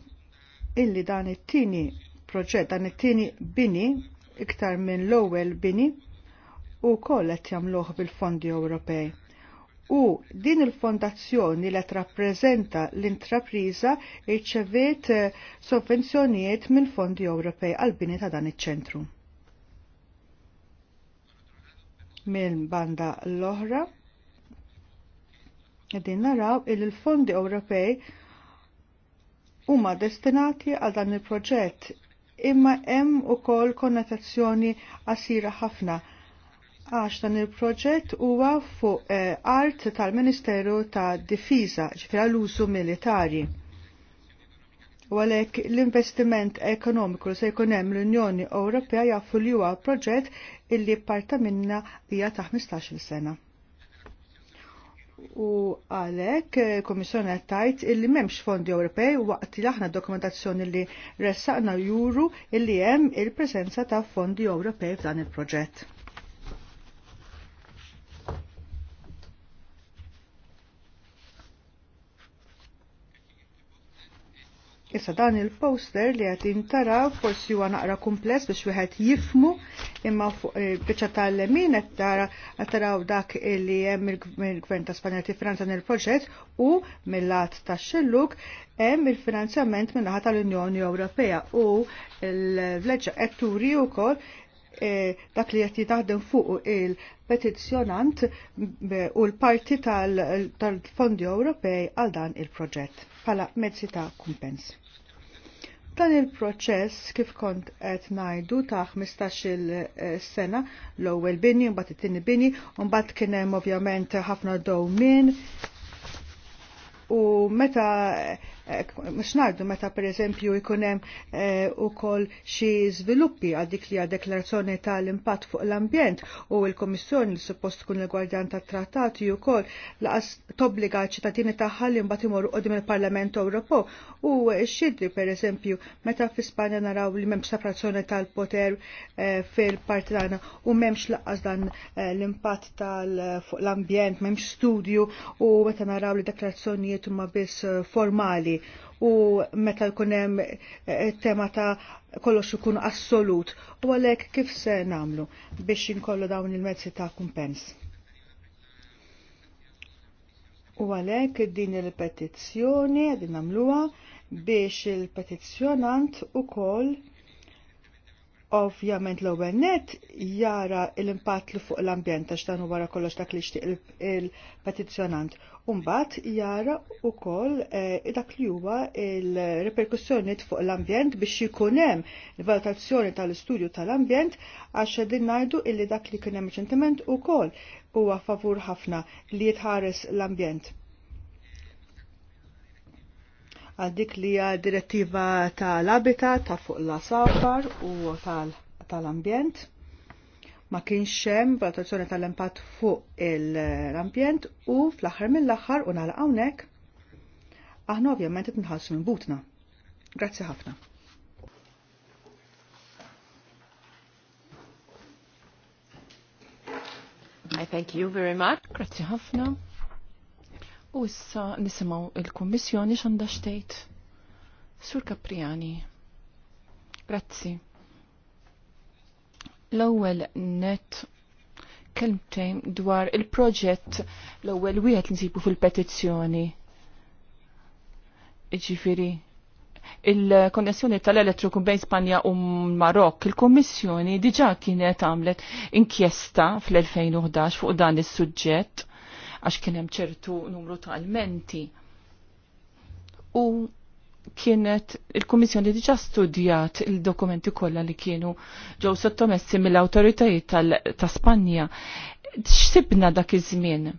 illi dan it-tini proġett, dan it-tini bini iktar minn l-ewwel bini u kollet jagħmluh bil-fondi Ewropej u din il-fondazzjoni li trappreżenta l-intrapriża rċevet eh, sovvenzjonijiet minn fondi Ewropej għal bini ta' dan iċ-ċentru. Minn banda l-oħra, din naraw il l-fondi Ewropej huma destinati għal dan il-proġett imma hemm ukoll konnotazzjoni qasira ħafna għax dan il-proġett huwa fuq eh, art tal-Ministeru ta' Difiża ġifra l-użu militari. U għalhekk l-investiment ekonomiku li se jkun hemm l-Unjoni Ewropea jafu li huwa proġett illi parta minna hija ta' 15-il sena. U għalhekk eh, Komissjoni qed tajt illi m'hemmx fondi Ewropej waqt li aħna dokumentazzjoni li ressaqna juru illi hemm il-preżenza ta' fondi Ewropej f'dan il-proġett. Issa dan il-poster li għat intara forsi huwa naqra kumples biex wieħed jifmu imma bieċa eh, biċċa tal-lemin qed tara taraw dak li hemm il-Gvern ta' Spanja ti Franza il-proġett u mill-lat tax-xilluk hemm il-finanzjament min-naħa tal-Unjoni Ewropea u l-vleġġa qed turi wkoll eh, dak li qed jitaħdem fuq il-petizzjonant u l-parti tal-fondi Ewropej għal dan il-proġett bħala mezzi ta' kumpens. Dan il-proċess kif kont qed ngħidu ta' 15-il eh, sena l-ewwel bini, mbagħad it-tieni bini, u mbagħad kien hemm ovvjament ħafna dowmin u meta eh, eh, nardu meta per eżempju jkunem eh, u kol xi sviluppi għaddik li deklarazzjoni tal-impatt fuq l-ambjent u l-Komissjoni li suppost tkun il-Gwardjan tat trattati u kol laqas tobbliga ċittadini ta' li mbagħad imorru qudiem il-Parlament Ewropew u xidri per eżempju meta fi Spanja naraw li m'hemmx separazzjoni tal-poter fil-partitana u m'hemmx laqas dan l-impatt tal fuq l-ambjent, m'hemmx studju u meta naraw li deklarazzjonijiet l ma biss eh, formali u meta jkun hemm eh, tema ta' kollox ikun assolut u għalhekk kif se nagħmlu biex inkollu dawn il-mezzi ta' kumpens. U għalhekk din il-petizzjoni qegħdin nagħmluha biex il-petizzjonant ukoll Ovvjament l-ewwel net jara l-impatt li fuq l-ambjent għax dan wara kollox dak li jixtieq il-petizzjonant. Mbagħad jara wkoll eh, dak li huwa l reperkussjonijiet fuq l-ambjent biex jkun hemm il-valutazzjoni tal-istudju tal-ambjent għax din ngħidu illi dak li kien hemm riċentement ukoll huwa favur ħafna li jitħares l-ambjent għal dik li hija direttiva tal-habitat, ta' fuq l-safar u tal-ambjent. Ma kienx hemm valutazzjoni tal-impatt fuq l-ambjent u fl-aħħar mill-aħħar u nagħlaq hawnhekk aħna ovvjament qed nħallsu minn butna. Grazzi ħafna. I thank you very much. Grazzi ħafna. U issa nisimaw il-Kommissjoni x'għandha xtejt. Sur Kapriani. Grazzi. L-ewwel net kelmtejn dwar il-proġett l-ewwel wieħed nsibu fil-petizzjoni. Ġifieri il-konnessjoni tal-elettriku bejn Spanja u Marok, il-Kommissjoni diġa kienet għamlet inkjesta fl-2011 fuq dan is-suġġett għax kien hemm ċertu numru ta' almenti. U kienet il-Kummissjoni diġa studjat il-dokumenti kollha li kienu ġew sottomessi mill-awtoritajiet ta' Spanja. X'sibna dak iż-żmien?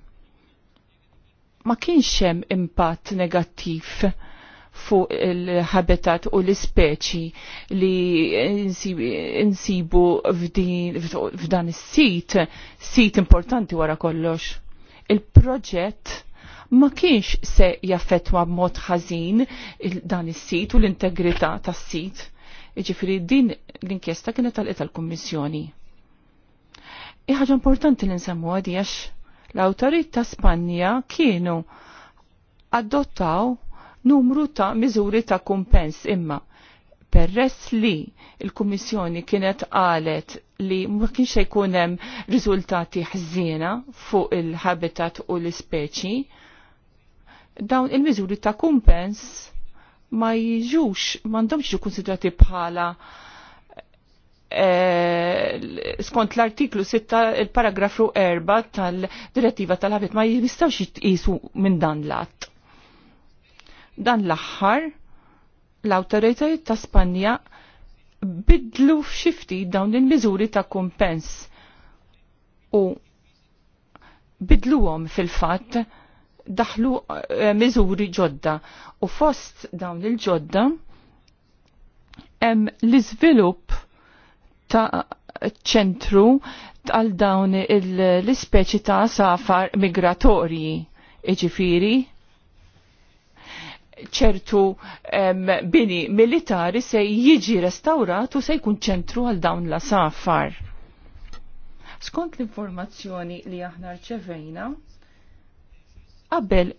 Ma kienx hemm impatt negattiv fuq il-habitat u l-ispeċi li insibu f'dan is-sit, sit importanti wara kollox il-proġett ma kienx se jaffetwa b'mod ħażin dan is-sit u l-integrità tas-sit. Iġifieri din l-inkjesta kienet tal tal-Kummissjoni. ħaġa importanti li nsemmu għadiex l-awtorit ta' Spanja kienu adottaw numru ta' miżuri ta' kumpens imma peress li il-Kummissjoni kienet qalet li ma kienx jkun hemm riżultati ħżiena fuq il-habitat u l-ispeċi, dawn il-miżuri ta' kumpens ma jiġux, m'għandhomx jiġu konsidrati bħala eh, skont l-artiklu 6 il-paragrafu 4 tal-direttiva tal-ħabit ma jistawx jitqisu minn dan l-att. Dan l-aħħar l-autoritajiet ta' Spanja bidlu xifti dawn il-miżuri ta' kumpens u bidluhom fil-fatt daħlu eh, miżuri ġodda u fost dawn il-ġodda hemm l-iżvilupp ta' ċentru għal dawn l-ispeċi ta' safar migratorji iġifiri ċertu bini militari se jiġi restaurat u se jkun ċentru għal dawn la safar. Skont l-informazzjoni li aħna rċevejna, qabel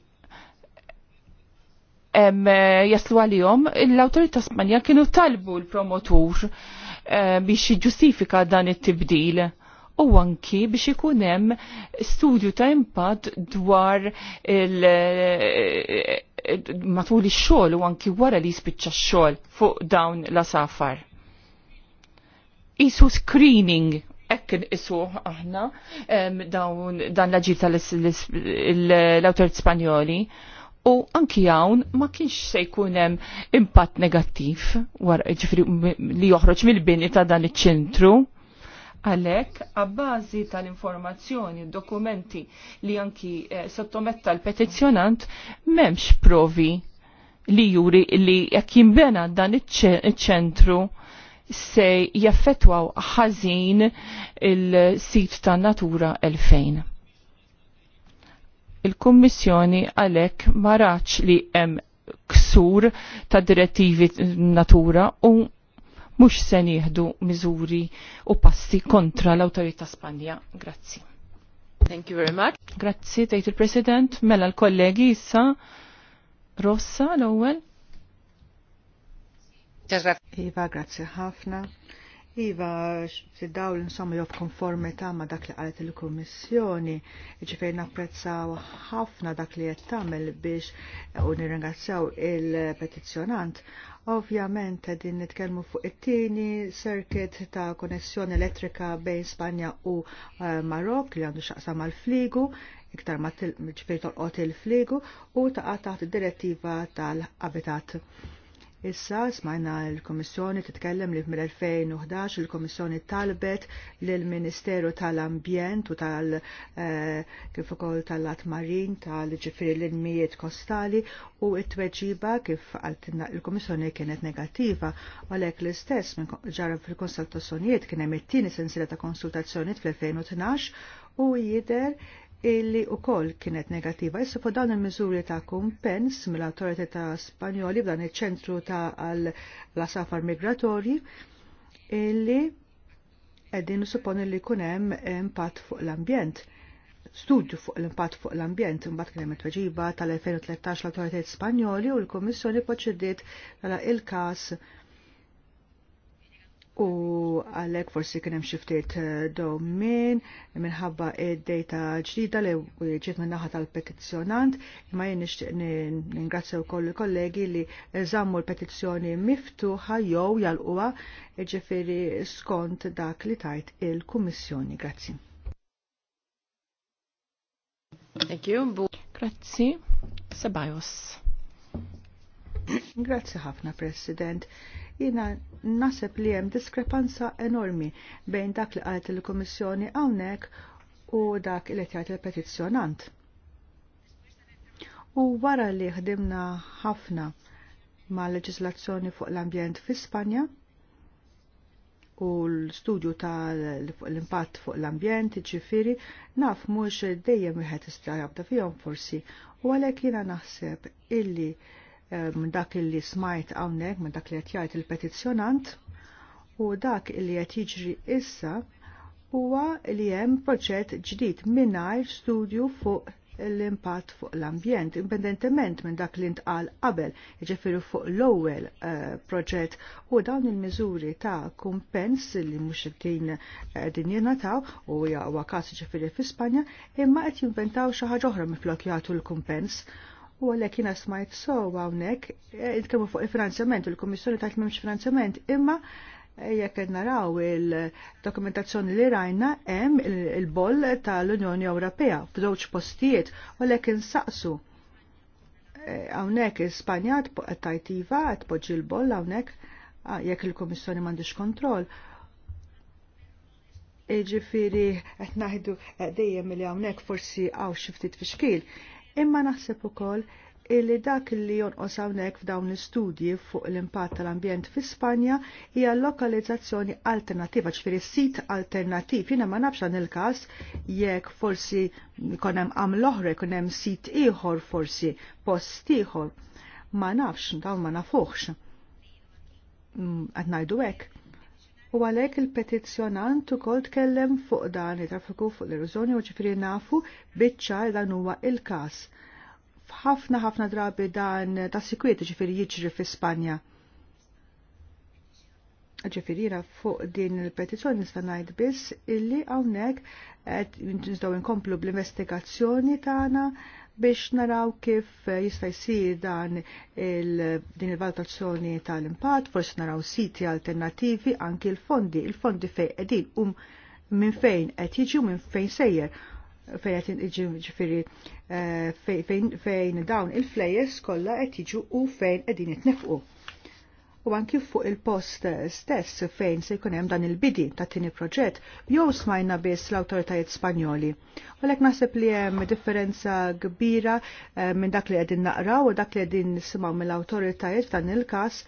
jaslu għalihom l-autorità Spanja kienu talbu l-promotur biex jiġġustifika dan it-tibdil u anki biex ikun hemm studju ta' impatt dwar il- matul ix-xogħol u anki wara li jispiċċa x-xogħol fuq dawn la safar. Isu screening hekk isu aħna dawn dan l aġir tal-awtorit Spanjoli u anki hawn ma kienx se jkun hemm impatt negattiv wara ġifri li joħroġ mill-bini ta' dan iċ-ċentru Għalek, għabbażi tal-informazzjoni, dokumenti li anki eh, sottometta l-petizjonant, memx provi li juri li jekk jimbena dan iċ-ċentru se jaffetwaw ħażin il-sit ta' Natura 2000. Il-Kummissjoni għalek maraċ li hemm ksur ta' direttivi natura u mhux se nieħdu miżuri u passi kontra l-awtorità Spanja. Grazzi. Thank you very much. Grazzi, tgħid il-President. Mela l-kollegi issa Rossa l-ewwel. Iva, grazzi ħafna. Iva, fid-dawl insomma jof konformita ma dak li għalet il komissjoni ġifej napprezzaw ħafna dak li qed tagħmel biex u nirringazzaw il-petizzjonant. Ovvjament din nitkellmu fuq it-tieni circuit ta' konnessjoni elettrika bejn Spanja u eh, Marok li għandu xaqsam għal fligu iktar ma ġifir tolqot il-fligu u ta' għata' direttiva tal-abitat Issa smajna l-Komissjoni titkellem li mill-2011 il-Komissjoni talbet lill-Ministeru tal-Ambjent u tal- eh, kif ukoll tal-Lat Marin tal-ġifieri l-inmijiet kostali u t-tweġiba kif il-Komissjoni kienet negattiva għalhekk l-istess ġara fil-konsultazzjonijiet kien hemm it-tieni sensiela ta' konsultazzjonijiet fl-2012 u jider illi u koll kienet negativa. Issa fuq dawn il-miżuri ta' kumpens mill autorita ta' Spanjoli b'dan iċ-ċentru ta' għal-asafar migratorji illi qegħdin supponi li jkun hemm impatt fuq l-ambjent. Studju fuq l-impatt fuq l-ambjent imbagħad kien hemm it-tweġiba tal-2013 l-Awtoritajiet Spanjoli u l-Kummissjoni poċċediet tara mela il-każ u għalek forsi kienem xiftit eh, domin minħabba id-data ġdida li ġiet minnaħat tal-petizjonant imma jien nixtieq ningrazzja wkoll il-kollegi li żammu l-petizzjoni miftuħa jew jalquha ġifiri skont dak li tajt il-Kummissjoni. Grazzi. Thank you. Grazzi. Sebajos. Grazzi ħafna, President. Jina naseb li hemm diskrepanza enormi bejn dak li qalet il-Kummissjoni hawnhekk u dak li qed il-petizzjonant. U wara li ħdimna ħafna ma' leġislazzjoni fuq l-ambjent fi Spanja u l-studju tal-impatt fuq l-ambjent, ġifiri, naf mux dejjem wieħed istajabda fihom forsi, u għalhekk jiena naħseb illi Eh, minn dak li smajt hawnhekk minn dak li qed jgħid il-petizzjonant u dak li qed jiġri issa huwa li hemm proġett ġdid mingħajr studju fuq l-impatt fuq l-ambjent, Impendentement minn dak li ntqal qabel, ġifiru fuq l-ewwel uh, proġett u dawn il-miżuri ta' kumpens li mhux din eh, din jingħataw u huwa każ ġifiri fi Spanja, imma qed jinventaw xi ħaġa oħra miflok jagħtu l-kumpens u għalhekk jiena smajt għawnek, hawnhekk eh, kemmu fuq il-finanzjament, il-Kummissjoni ta' m'hemmx finanzjament, imma eh, jekk naraw il-dokumentazzjoni li rajna hemm il-boll tal-Unjoni Ewropea f'żewġ postijiet u lek insaqsu eh, hawnhekk Ispanja tajtiva tpoġġi l-boll hawnhekk ah, jekk il-Kummissjoni m'għandix kontroll. Iġifiri, etnaħdu dejjem li hawnhekk forsi għaw xiftit fi xkil imma naħseb ukoll illi dak li jonqos hawnhekk f'dawn l-istudji fuq l-impatt tal-ambjent fi Spanja hija lokalizzazzjoni alternattiva, ċifieri sit alternattiv. Jiena ma nafx dan il-każ jekk forsi jkun hemm l oħra jkun hemm sit ieħor forsi post ieħor. Ma nafx, dawn ma nafuħx. Mm, qed ngħidu hekk u għalhekk il-petizzjonant ukoll tkellem fuq dan it-traffiku fuq l-erużjoni u ġifieri nafu biċċa dan huwa il-każ. F'ħafna ħafna drabi dan ta' sikwiet ġifieri jiġri fi Spanja. Ġifirira fuq din il-petizzjoni nista' ngħid biss illi hawnhekk għed nistgħu nkomplu bl-investigazzjoni tagħna biex naraw kif eh, jista' jsir dan il din il-valutazzjoni tal-impatt, forsi naraw siti alternativi anki l-fondi, il-fondi fejn qegħdin u um, minn fejn qed jiġu minn fejn sejjer fejn qed ġifieri eh, fejn dawn il-flejers kollha qed jiġu u fejn qegħdin jitnefqu u anki fuq il-post stess fejn se jkun hemm dan il-bidi ta' tini proġett jew smajna biss l-awtoritajiet Spanjoli. U lek naħseb li hemm differenza kbira eh, minn dak li qegħdin naqraw u dak li qegħdin nisimgħu mill-awtoritajiet f'dan il-każ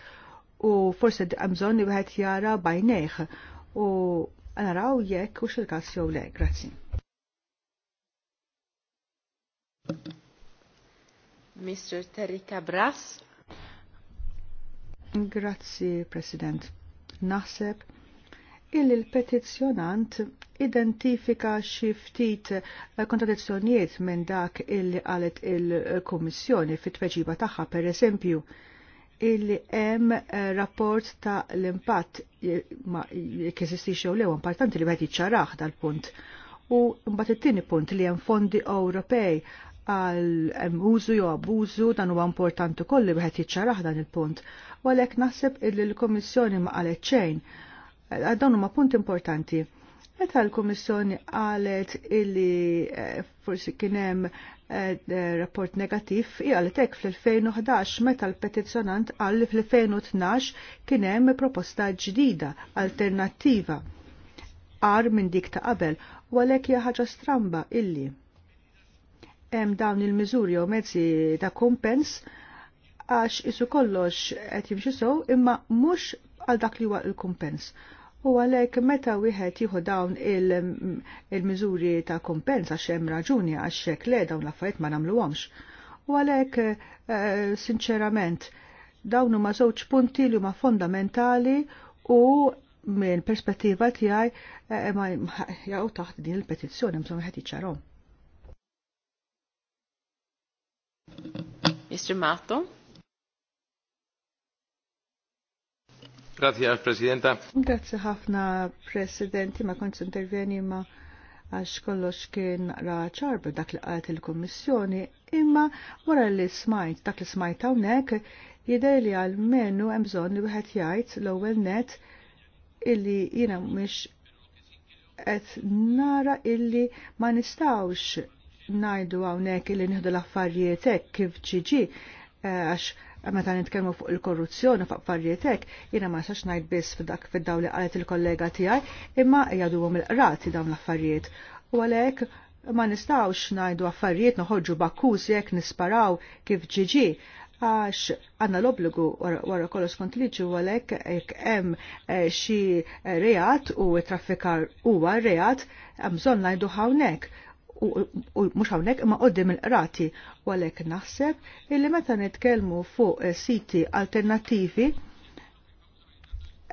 u forsi hemm bżonn li wieħed jara bajnejh u naraw jekk u xil-kas jew le. Grazzi. Mr. Terry Cabras. Grazzi, President. Naħseb illi l-petizzjonant identifika xi ftit eh, kontradizzjonijiet minn dak illi qalet il-Kummissjoni fit-tweġiba tagħha pereżempju illi hemm eh, rapport ta' l-impatt eh, ma jeżisti xew lew importanti li bħed jiċċaraħ dal-punt. U mbagħad it-tieni punt li hemm fondi Ewropej għal użu jew abużu dan huwa importanti kolli wieħed jiċċaraħ dan il-punt. U għalhekk naħseb illi l-Kummissjoni ma qalet xejn. Eh, dan huma punt importanti. Meta l-Kummissjoni qalet illi eh, forsi kien hemm eh, rapport negattiv, jgħalet hekk fl-2011 meta l-petizzjonant qal li fl-2012 kien hemm proposta ġdida alternattiva għar minn dik ta' qabel u għalhekk hija ħaġa stramba illi hemm dawn il-miżuri jew mezzi ta' kumpens għax isu kollox qed jimxi sew imma mhux għal dak li huwa l-kumpens. U għalhekk meta wieħed jieħu dawn il-miżuri ta' kumpens għax hemm raġuni għax hekk le dawn l-affarijiet ma nagħmluhomx. U għalhekk eh, sinċerament dawn huma żewġ punti li huma fondamentali u minn perspettiva tiegħi eh, ma jgħu taħt din il-petizzjoni msa ħed jiċċarhom. Mr. Mato. Grazie, Presidenta. Grazie ħafna, Presidenti, ma kontx intervjeni ma għax kollox kien raċar ċarba dak li għajt il-Kommissjoni, imma wara li smajt, dak li smajt hawnhekk, jidher li għal hemm bżonn li wieħed jgħid l-ewwel net illi jiena mish qed nara illi ma nistawx najdu għawnek li nħdu l-affarijiet hekk kif ġiġi eh, għax meta nitkellmu fuq il-korruzzjoni fuq affarijiet hekk jiena ma sax ngħid biss f'dak fid-daw li qalet il-kollega tiegħi imma għom il-qrati dawn l-affarijiet. U għalhekk ma nistgħux ngħidu affarijiet noħorġu bakkużi jekk nisparaw kif ġiġi għax għanna l-obligu wara kollox kont liġi u għalek jek hemm eh, xi reat u traffikar huwa reat bżonn najdu hawnhekk u mhux hawnhekk imma qoddim il-qrati u għalhekk naħseb illi meta nitkellmu fuq eh, siti alternattivi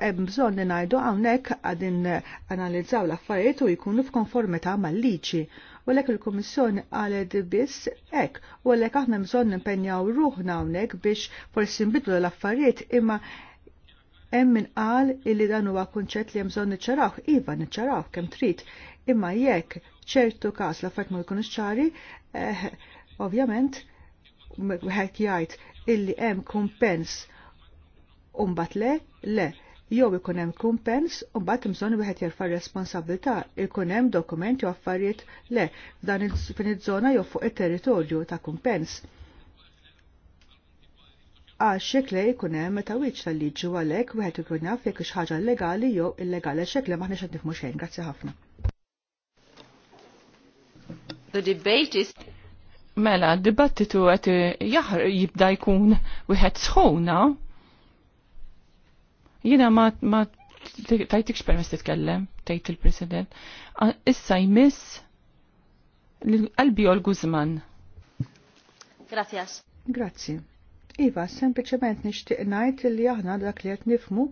hemm bżonn li ngħidu hawnhekk qegħdin eh, analizzaw l-affarijiet u jkunu f'konformità mal-liġi u l il-Komissjoni għalet biss ek u l aħna mżon nimpenjaw ruħna hawnhekk biex forsi nbidlu l-affarijiet imma hemm min qal illi dan huwa kunċett li mżon niċċaraw, iva niċċaraw kemm trid, Imma jekk ċertu każ la fajt ma jkunux ċari, eh, ovvjament, wieħed jgħid illi hemm kumpens umbat le, le, jew ikun hemm kumpens mbagħad imżonn wieħed jerfa' responsabilità ikun hemm dokument jew affarijiet le dan fin iż-żona jew fuq it-territorju ta' kumpens. Għax xekle jkun hemm meta wieċ tal-liġi għalhekk wieħed ikun jaf jekk xi ħaġa legali jew illegali xekle maħniex qed nifhmu xejn. Grazzi ħafna. The debate is Mela, dibattitu għet jahr jibda jkun wieħed sħuna. Jina ma, ma tajtikx permess titkellem, tajt il-President. Issa jmiss l-qalbi għol Guzman. Grazzjas. Grazzi. Iva, sempliciment nixtieq ngħid li aħna dak li qed nifmu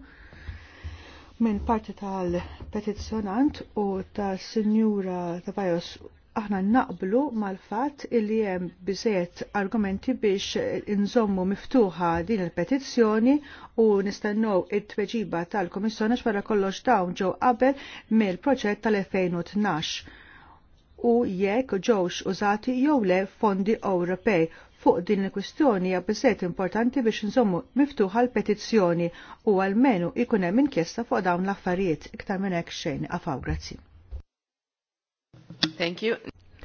minn parti tal-petizzjonant u ta' Sinjura Tavajos aħna naqblu mal-fat illi hemm bizet argumenti biex inżommu miftuħa din il-petizzjoni u nistennew it-tweġiba tal-Komissjoni x'wara kollox dawn ġew qabel mill-proġett tal-2012 u jekk ġewx użati jew le fondi Ewropej fuq din il-kwistjoni hija biżżejjed importanti biex nżommu miftuħa l-petizzjoni u għalmenu jkun hemm inkjesta fuq dawn l-affarijiet iktar minn hekk xejn. Afaw, grazzi. Thank you.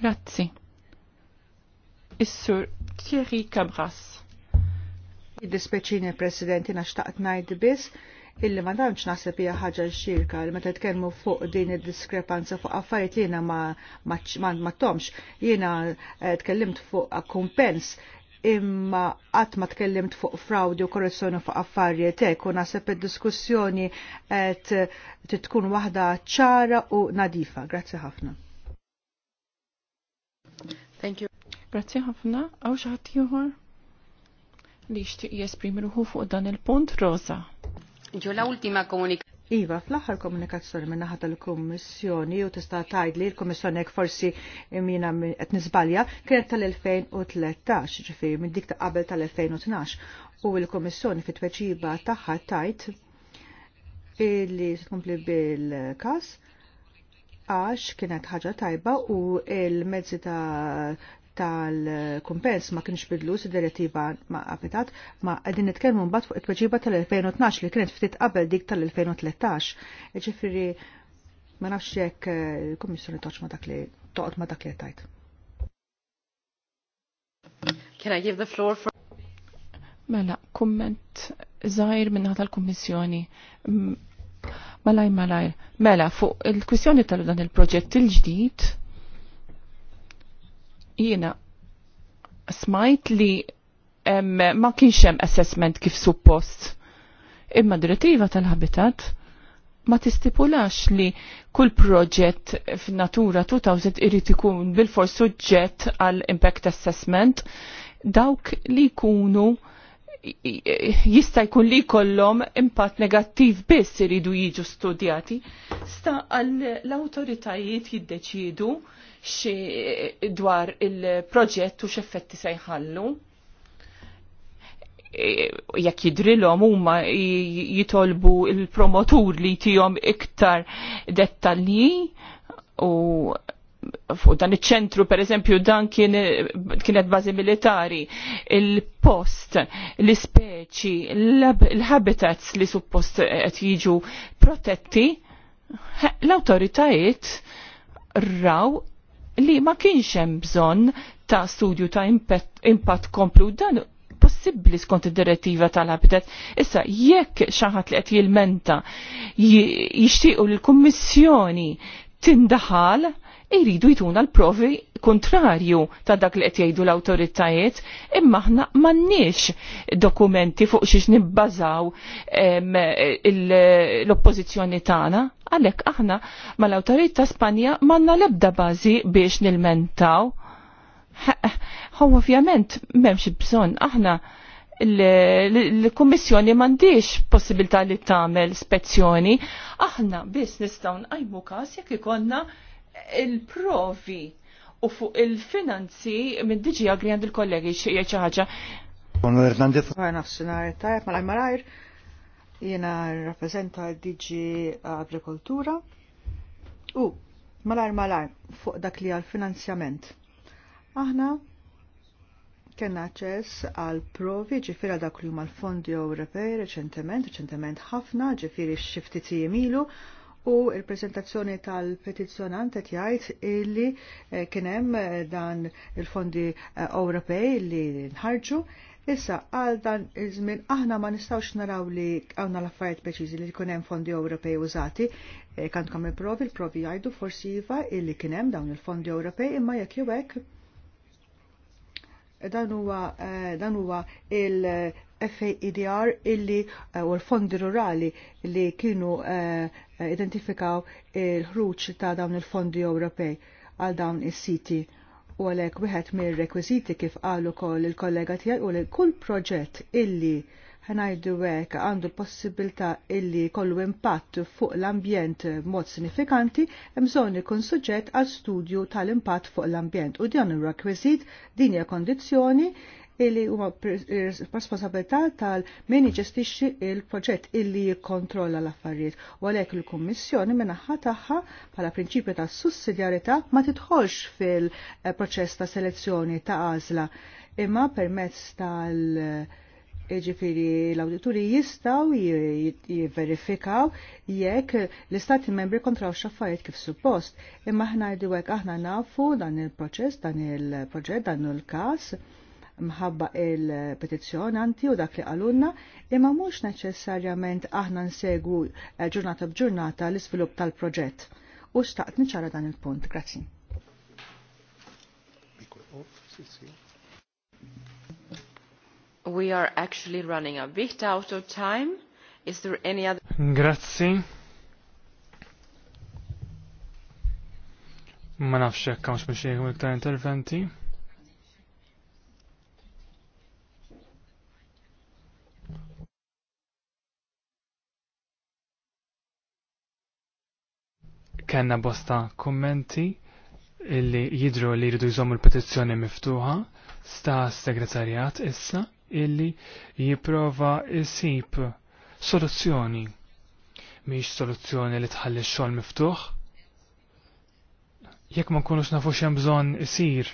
Grazzi. Is-sur Thierry Cabras. Id-dispeċini Presidenti naxtaqt najd biss illi ma damx naħseb hija ħaġa xirka li meta tkellmu fuq din id-diskrepanza fuq affarijiet li jiena ma tomx. Jiena eh, tkellimt fuq kumpens imma qatt ma tkellimt fuq fraudi u korruzzjoni fuq affarijiet hekk u naħseb id-diskussjoni qed tkun waħda ċara u nadifa. Grazzi ħafna. Thank you. Grazzi ħafna. Għaw xaħat juħor? Li xtiq jesprimi ruħu fuq dan il-punt, Rosa. Ġo la ultima komunikazzjoni. Iva, fl-axar komunikazzjoni minna ħat l-Kommissjoni u tista' tgħid li l-Kommissjoni għek forsi minna qed nizbalja, kienet tal-2013, ġifiri, minn dik ta' qabel tal-2012 u l-Kommissjoni fit-tweġiba tagħha tajt illi tkompli bil-każ għax kienet ħaġa tajba u il-mezzi ta' tal-kumpens ma kienx bidlu si direttiva ma' apetat ma' għedin nitkellmu mbagħad fuq it-tweġiba tal-2012 li kienet ftit qabel dik tal-2013. Ġifieri ma nafx jekk eh, il-Kummissjoni toqgħod ma' dak li toqgħod ma' dak li tajt. Can I give the floor for Mela, kumment zaħir minna tal-Kommissjoni Malaj, malaj. Mela, fuq il-kwistjoni tal dan il-proġett il-ġdid, jina smajt li em, ma kienx hemm assessment kif suppost. Imma direttiva tal-habitat ma tistipulax li kull proġett f'Natura 2000 irid ikun bil-fors suġġett għal impact assessment dawk li jkunu jista' jkun li jkollhom impatt negattiv biss iridu jiġu studjati. Sta l-awtoritajiet jiddeċidu xi dwar il-proġett u x'effetti se jħallu. E, jekk jidrilhom huma jitolbu il-promotur li tihom iktar dettalji u fuq dan iċ-ċentru per eżempju dan kien, kienet bażi militari, il-post, l-ispeċi, l-habitats li suppost qed jiġu protetti, l-awtoritajiet raw li ma kienx hemm bżonn ta' studju ta' impatt komplu dan possibbli skont id-direttiva tal-habitat. Issa, jekk xaħat li qed jilmenta jixtiequ l-Kummissjoni tindaħal iridu jtuna l-provi kontrarju ta' dak li qed jgħidu l-awtoritajiet, imma aħna m'għandniex dokumenti fuq xiex nibbażaw l-oppożizzjoni tagħna. Għalhekk aħna mal-awtorità ta' Spanja m'għandna l-ebda bażi biex nilmentaw. Ovvjament m'hemmx bżonn aħna l-Kummissjoni m'għandix possibilità li tagħmel spezzjoni, aħna biss nistgħu nqajmu każ jekk ikonna il-provi u fuq il-finanzi minn diġi għagri għand il-kollegi xieċ ħaġa. Onor Hernandez. Għana f-sinar tajab l-għajmarajr, jena rappresenta diġi agrikoltura u malajr malajr fuq dak li għal-finanzjament. Aħna kena ċess għal provi ġifira dak li huma l-fondi Ewropej reċentement, reċentement ħafna ġifiri x-xiftiti jemilu u il-presentazzjoni tal-petizzjonant qed jgħid illi eh, kien hemm eh, dan il-fondi eh, Ewropej li nħarġu Issa, għal dan iż-żmien aħna ma nistgħux naraw li għandna l-affarijiet preċiżi li jkun hemm fondi Ewropej użati. Kantkom il-provi, il-provi jgħidu forsi iva illi kien hemm dawn il-fondi Ewropej imma jekk jew hekk dan huwa il FAEDR illi eh, u l-fondi rurali li kienu eh, eh, identifikaw il-ħruċ ta' dawn il-fondi Ewropej għal dawn is-siti u għalek wieħed mir-rekwiżiti kif qalu kol il-kollega tiegħi u li kull proġett illi ħanajdu hekk għandu l-possibilità illi kollu impatt fuq l-ambjent mod sinifikanti, bżonn ikun suġġett għal studju tal-impatt fuq l-ambjent u dan il rekwiżit din hija kondizzjoni illi huma responsabilità tal min jiġestixxi il-proġett illi jikkontrolla l-affarijiet. U għalhekk il-Kummissjoni minaħħa tagħha bħala prinċipju ta' sussidjarità ma titħolx fil-proċess ta' selezzjoni ta' għażla imma permezz tal- ġifieri l-awdituri jistaw jiverifikaw jekk l-istati membri kontraw xaffariet kif suppost. Imma ħna hekk aħna nafu dan il-proċess, dan il-proġett, dan il-kas. il proċess dan il proġett dan il kas il mħabba il-petizzjonanti u dak li għalunna imma mhux neċessarjament aħna nsegwu eh, ġurnata b'ġurnata l-iżvilupp tal-proġett. U staqt niċara dan il-punt. Grazzi. We are actually running a bit out of time. Is there any other... Grazzi. Ma nafx kamx għamx biex iktar interventi. kena bosta kommenti illi jidru li jridu jżommu l-petizzjoni miftuħa sta segretarjat issa illi jiprova jisib soluzzjoni. Miex soluzzjoni li tħalli xogħol miftuħ? Jekk ma nkunux nafu xem bżonn isir.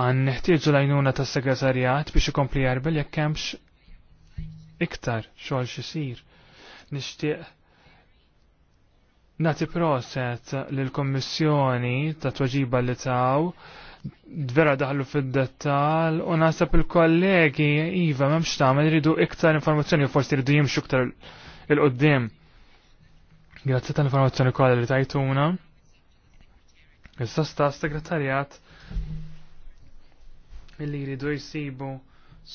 Għan neħtieġu lajnuna tas segretarjat biex ikompli jarbel jekk hemmx iktar xol xisir. Nixtieq Nati proset l-Kommissjoni ta' tuġiba li taw, vera daħlu fil-dettal, u nasab il-kollegi, Iva, memx ma' rridu iktar informazzjoni, u forsi rridu jimxu iktar il-qoddim. Grazzi tal-informazzjoni kolla li tajtuna. Il-sosta segretarjat illi jridu jisibu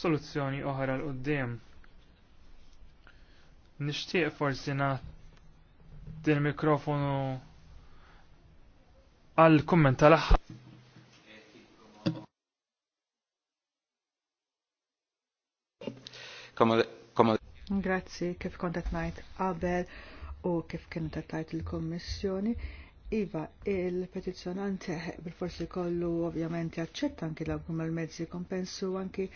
soluzzjoni oħra l-qoddim. Nishtiq forsi nat din mikrofonu għal kumment tal Grazzi kif kontet najt qabel u kif kienu tajt il-Kommissjoni. Iva, il-petizjonanti bil-forsi kollu ovvjament jaċċetta anki l-għum mezzi kompensu anki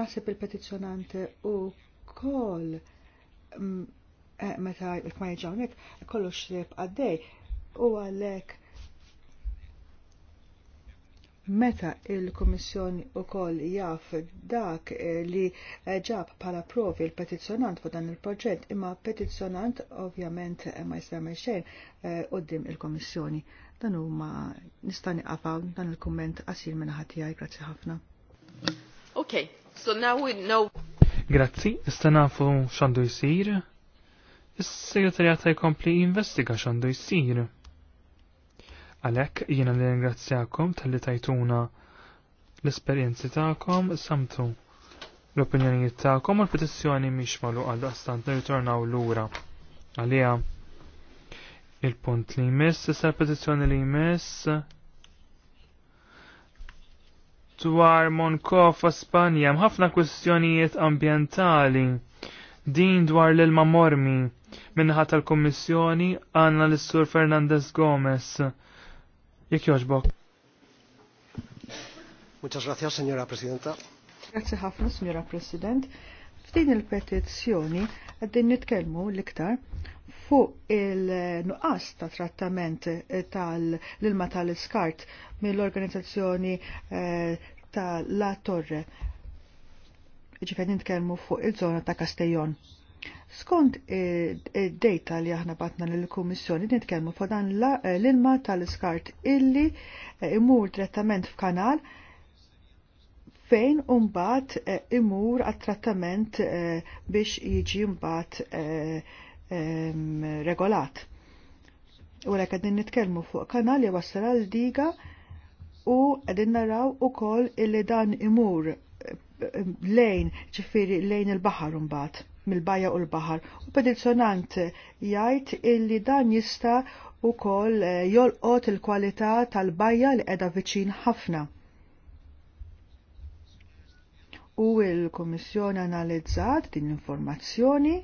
nasib il-petizjonanti u koll mm, Eh, meta jek ma jġawnek, kollu xrib għaddej. U għallek meta il-Komissjoni u koll jaf dak eh, li eh, ġab pala provi il-petizjonant fu dan il-proġett, imma petizjonant ovvjament ma jistamel xejn qoddim il-Komissjoni. Dan huma nistani qafaw dan il-komment qasir minn ħatijaj, grazzi ħafna. Okay, so now we know. Grazzi, istanafu xandu jisir Is-segretarjat jkompli xandu jissir. jsir. Għalhekk jiena nirringrazzjakom tal-li tajtuna l-esperjenzi tagħkom samtu l-opinjonijiet tagħkom u l-petizzjoni mhix magħluqa daqstant nirritornaw lura. Għalija il-punt li jmiss, issa l-petizzjoni li jmiss dwar Monkofa Spanja ħafna kwistjonijiet ambjentali din dwar l-ilma mormi minnaħat tal-Kommissjoni għanna l-Sur Fernandez Gomez. Jek joġbok. Muchas gracias, signora Presidenta. Grazie ħafna, signora President. F'din il-petizzjoni għaddin nitkelmu l-iktar fuq il-nuqqas ta' trattament tal-ilma tal-iskart mill-organizzazzjoni eh, ta' La Torre. Ġifen nitkelmu fuq il-zona ta' Castellon Skont id-data li aħna batna lill-Kummissjoni nitkellmu fuq dan l-ilma tal-iskart illi eh, imur direttament f'kanal fejn umbat eh, imur għat-trattament eh, biex jiġi umbat regolat. U għalek għedin nitkellmu fuq kanal li wassal għal diga u għedin naraw u koll illi dan imur lejn ġifiri lejn il-bahar umbat mill-bajja u l-bahar. U pedizzjonant jgħid illi dan jista' wkoll eh, jolqot il-kwalità tal-bajja li qiegħda viċin ħafna. U l komissjoni analizzat din l-informazzjoni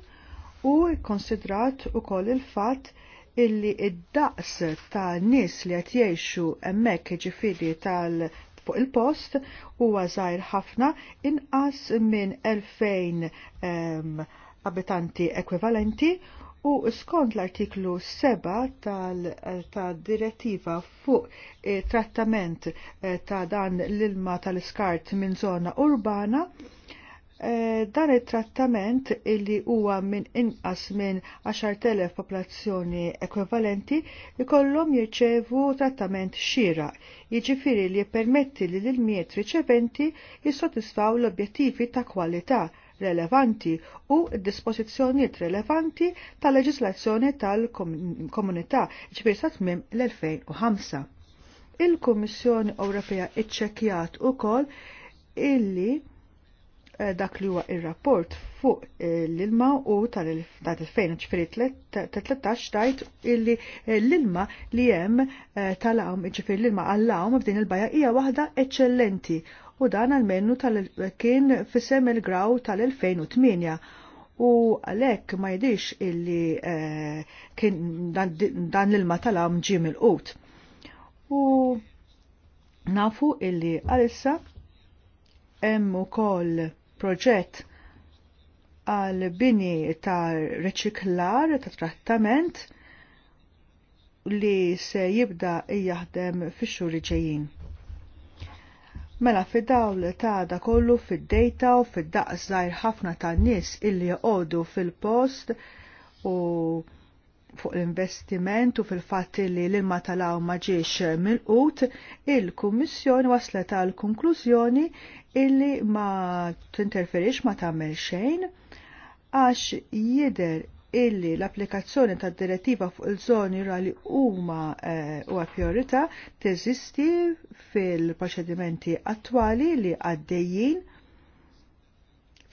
u konsidrat ukoll il-fatt illi id-daqs ta' nis li qed jgħixu hemmhekk ġifieri tal fuq il-post huwa żgħir ħafna inqas minn 2000 ehm, abitanti ekvivalenti u skont l-artiklu 7 tal-direttiva fuq eh, trattament eh, ta' dan l-ilma tal-iskart minn zona urbana Eh, dan it-trattament illi huwa minn inqas minn 10.000 popolazzjoni ekvivalenti ikollhom jirċevu trattament xira, jiġifieri li jippermetti li l-miet riċeventi jissodisfaw l-objettivi ta' kwalità relevanti u dispożizzjonijiet relevanti tal-leġislazzjoni tal-komunità ġifieri sa tmim l-2005. Il-Kummissjoni Ewropea iċċekkjat ukoll illi Eh, dak li huwa ir-rapport fuq eh, l-ilma u tal-2013 tajt illi eh, l-ilma li hemm tal-għam ġifir l-ilma għall għawm f'din il-bajja hija waħda eċċellenti u dan għal-mennu kien fisem il-graw tal-2008 u għalek ma jidix illi kien dan l-ilma tal-għam ġim il-qut. U nafu illi għalissa hemm ukoll proġett għal bini ta' reċiklar ta' trattament li se jibda jaħdem fix-xhur ġejjin. Mela fi dawl ta' da kollu fid-dejta u fid-daqs zaħir ħafna ta' nies illi jgħodu fil-post u fuq l-investiment u fil-fatt li l-ilma talaw ma ġiex mill-qut, il-Kummissjoni waslet għal konklużjoni illi ma tinterferix ma tagħmel xejn għax jider illi l-applikazzjoni tad direttiva fuq il-żoni rali huma eh, huwa e, priorità teżisti fil-proċedimenti attwali li għaddejjin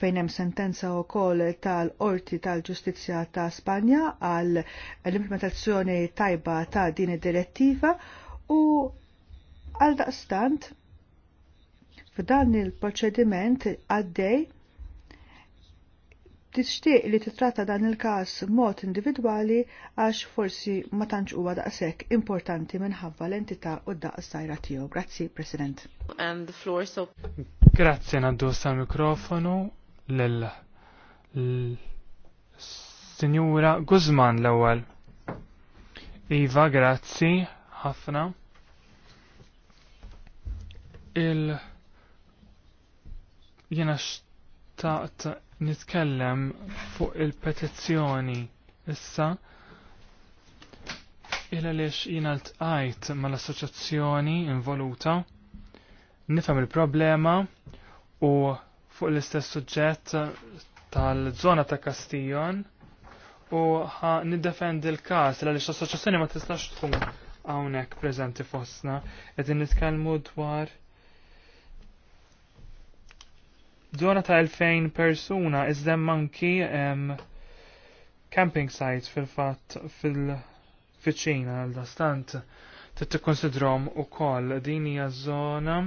fejn hemm sentenza wkoll tal-Qorti tal-Ġustizzja ta' Spanja għal l-implementazzjoni tajba ta' din id-direttiva u għal daqstant f'dan il-proċediment għaddej tixtieq li titratta dan il-każ mod individwali għax forsi ma tantx huwa daqshekk importanti minħabba l-entità u d-daqs sajra tiegħu. Grazzi, President. And the floor so Grazzi għandu sa mikrofonu l-Sinjura Guzman l-ewwel. Iva, grazzi, ħafna. Il jiena xtaqt nitkellem fuq il-petizzjoni issa il għaliex jiena l mal-assoċjazzjoni involuta nifhem il-problema u fuq l-istess suġġett tal-żona ta' Kastijon u niddefendi l-każ l għaliex l-assoċjazzjoni ma tistax tkun hawnhekk preżenti fostna qegħdin nitkellmu dwar żona ta' 2000 persuna iżda manki camping sites fil-fatt fil-fiċina għal-dastant tittikkonsidrom u koll din hija żona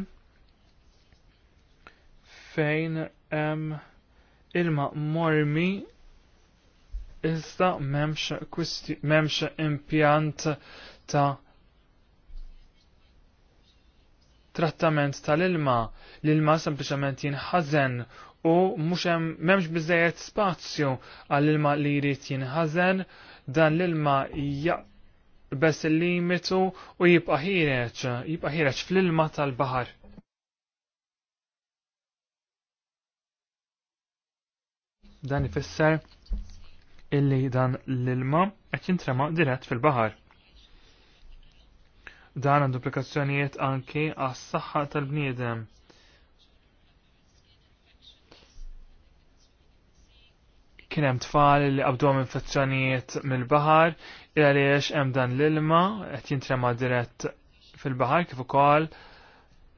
fejn hemm ilma mormi iżda m'hemmx impjant ta' trattament tal-ilma. L-ilma sempliċement jinħażen u mhux hemm m'hemmx biżejjed spazju għall-ilma li jrid jinħażen dan l-ilma jaqbes il-limitu u jibqa' ħireġ, jibqa' ħireġ fl-ilma tal-baħar. Dan ifisser illi dan l-ilma qed jintrema dirett fil-baħar. Dan għandu implikazzjonijiet anki għas-saħħa tal-bniedem. kien hemm tfal li qabdu infezzjonijiet mill-baħar, għaliex hemm dan l-ilma qed jintrema dirett fil-baħar kif ukoll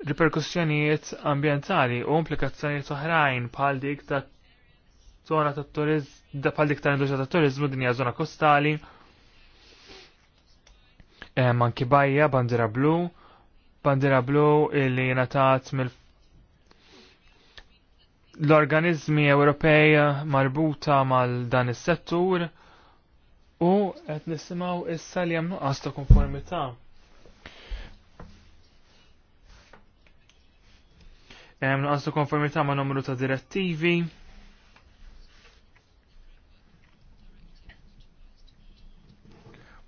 riperkussjonijiet ambjentali u implikazzjonijiet oħrajn bħal dik ta' zona ta' turiz, da pal dik ta' industrija ta' turizmu din hija zona kostali. Manki bajja, bandira blu, bandira blu illi natat mill l-organizmi Ewropej marbuta mal dan is-settur u qed nisimgħu issa li hemm nuqqas ta' konformità. Hemm nuqqas ta' konformità ma' numru ta' direttivi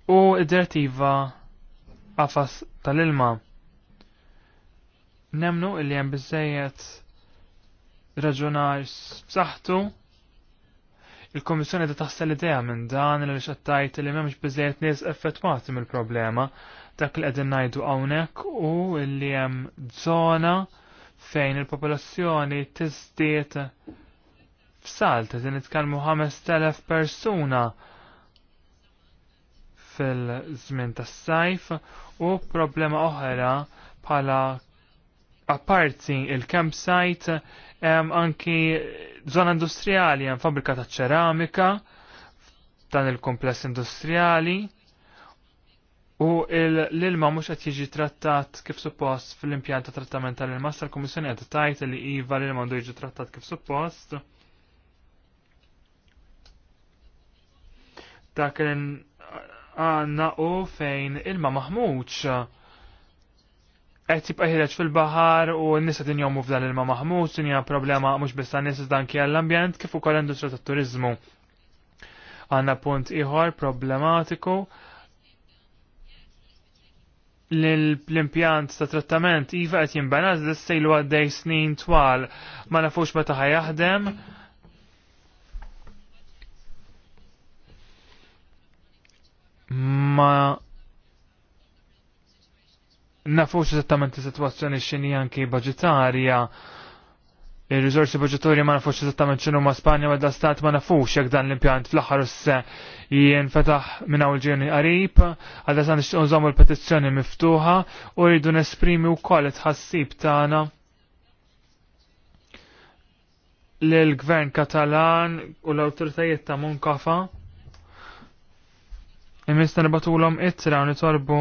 u id-direttiva għafas tal-ilma. Nemnu illi hemm biżejjed raġunar b'saħħtu il-Komissjoni ta' taħsel idea minn dan li xattajt li memx biżejjed nies effettwati mill-problema dak li qegħdin ngħidu hawnhekk u li hemm żona fejn il-popolazzjoni tiżdied f'salt it nitkellmu 5000 persuna fil-żmien tas-sajf u problema oħra bħala apparti il campsite hemm anki żona industrijali hemm fabbrika ta' ċeramika dan il-kompless industrijali u l-ilma mhux qed jiġi trattat kif suppost fl-impjant ta' trattament tal-ilma l kummissjoni qed tajt li iva l-ilma għandu jiġi trattat kif suppost. Dak għanna u fejn ilma maħmuċ qed jibqa' ħireġ fil-baħar u n-nisa jomu f'dan ilma maħmuċ, din hija problema mhux biss tan-nies dan anke għall-ambjent kif ukoll industrija tat-turiżmu. Għandna punt ieħor problematiku l-impjant ta' trattament iva qed jinbena l sejlu għaddej snin twal ma nafux meta ħajaħdem jaħdem ma nafux eżattament is-sitwazzjoni x'inhi anki budgetarja Ir-riżorsi budgetarja ma nafux eżattament xinu ma' Spanja wadda stat ma nafux jekk dan l-impjant fl-aħħar se jinfetaħ minn hawn ġieni qarib, għadha sa nixtieq nżommu l-petizzjoni miftuħa u rridu nesprimi wkoll it tħassib tagħna l gvern Katalan u l-awtoritajiet ta' Munkafa Imista nibatulhom ittra u torbu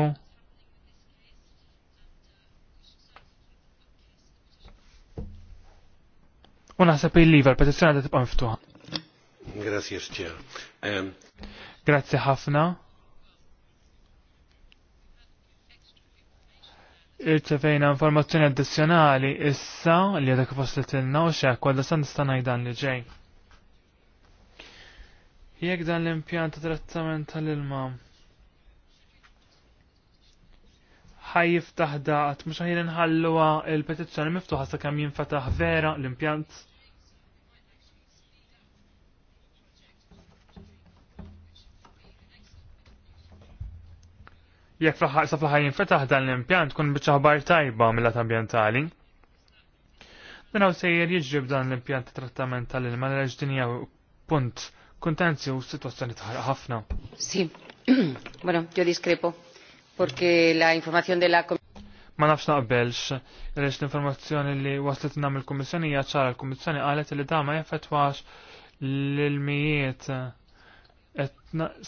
U naħseb il-liva l għadet tibqa' miftuħa. Grazie, Chair. Um... Ehm. Grazie ħafna. Irċevejna informazzjoni addizjonali issa li għadek foslitilna u xek, għadda san nista' ngħidan li ġej jekk dan l-impjant ta' trattament tal-ilma ħajjif taħdaqt, mux ħajjin nħalluwa il-petizzjoni miftuħa sa' kam jinfetaħ vera l-impjant. Jekk fl-ħar sa fl-ħar jinfetaħ dan l-impjant kun bieċaħbar tajba mill-lat ambientali. Dan għaw sejjer jiġri dan l-impjant trattament tal-ilma l-ġdinja punt kuntenzi u situazzjoni tħaraq ħafna. Si, bueno, jo diskrepo, porque la informazzjoni della Ma nafx naqbelx, għaliex l-informazzjoni li waslet nam il komissjoni hija ċara l-Kummissjoni qalet li da ma jaffetwax l-ilmijiet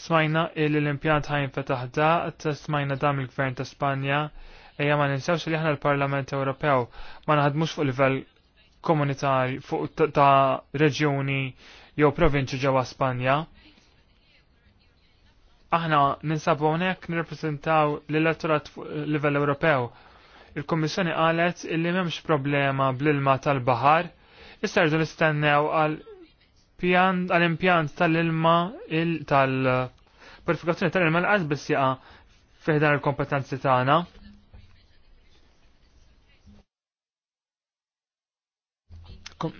smajna l impjant ħajn fetaħ daqt, smajna dam il-gvern ta' Spanja, eja ma ninsewx li ħna l-Parlament Ewropew ma naħadmux fuq livell komunitarju fuq ta' reġjoni, jew provinċi ġewwa Spanja. Aħna ninsabu hawnhekk nirrappreżentaw l-elettorat fuq livell Ewropew. Il-Kummissjoni qalet illi m'hemmx problema bl-ilma tal-baħar, issa rridu nistennew għal għal-impjant tal-ilma tal-purifikazzjoni tal-ilma l-qas biss jaqa' fiħdan il-kompetenzi tagħna.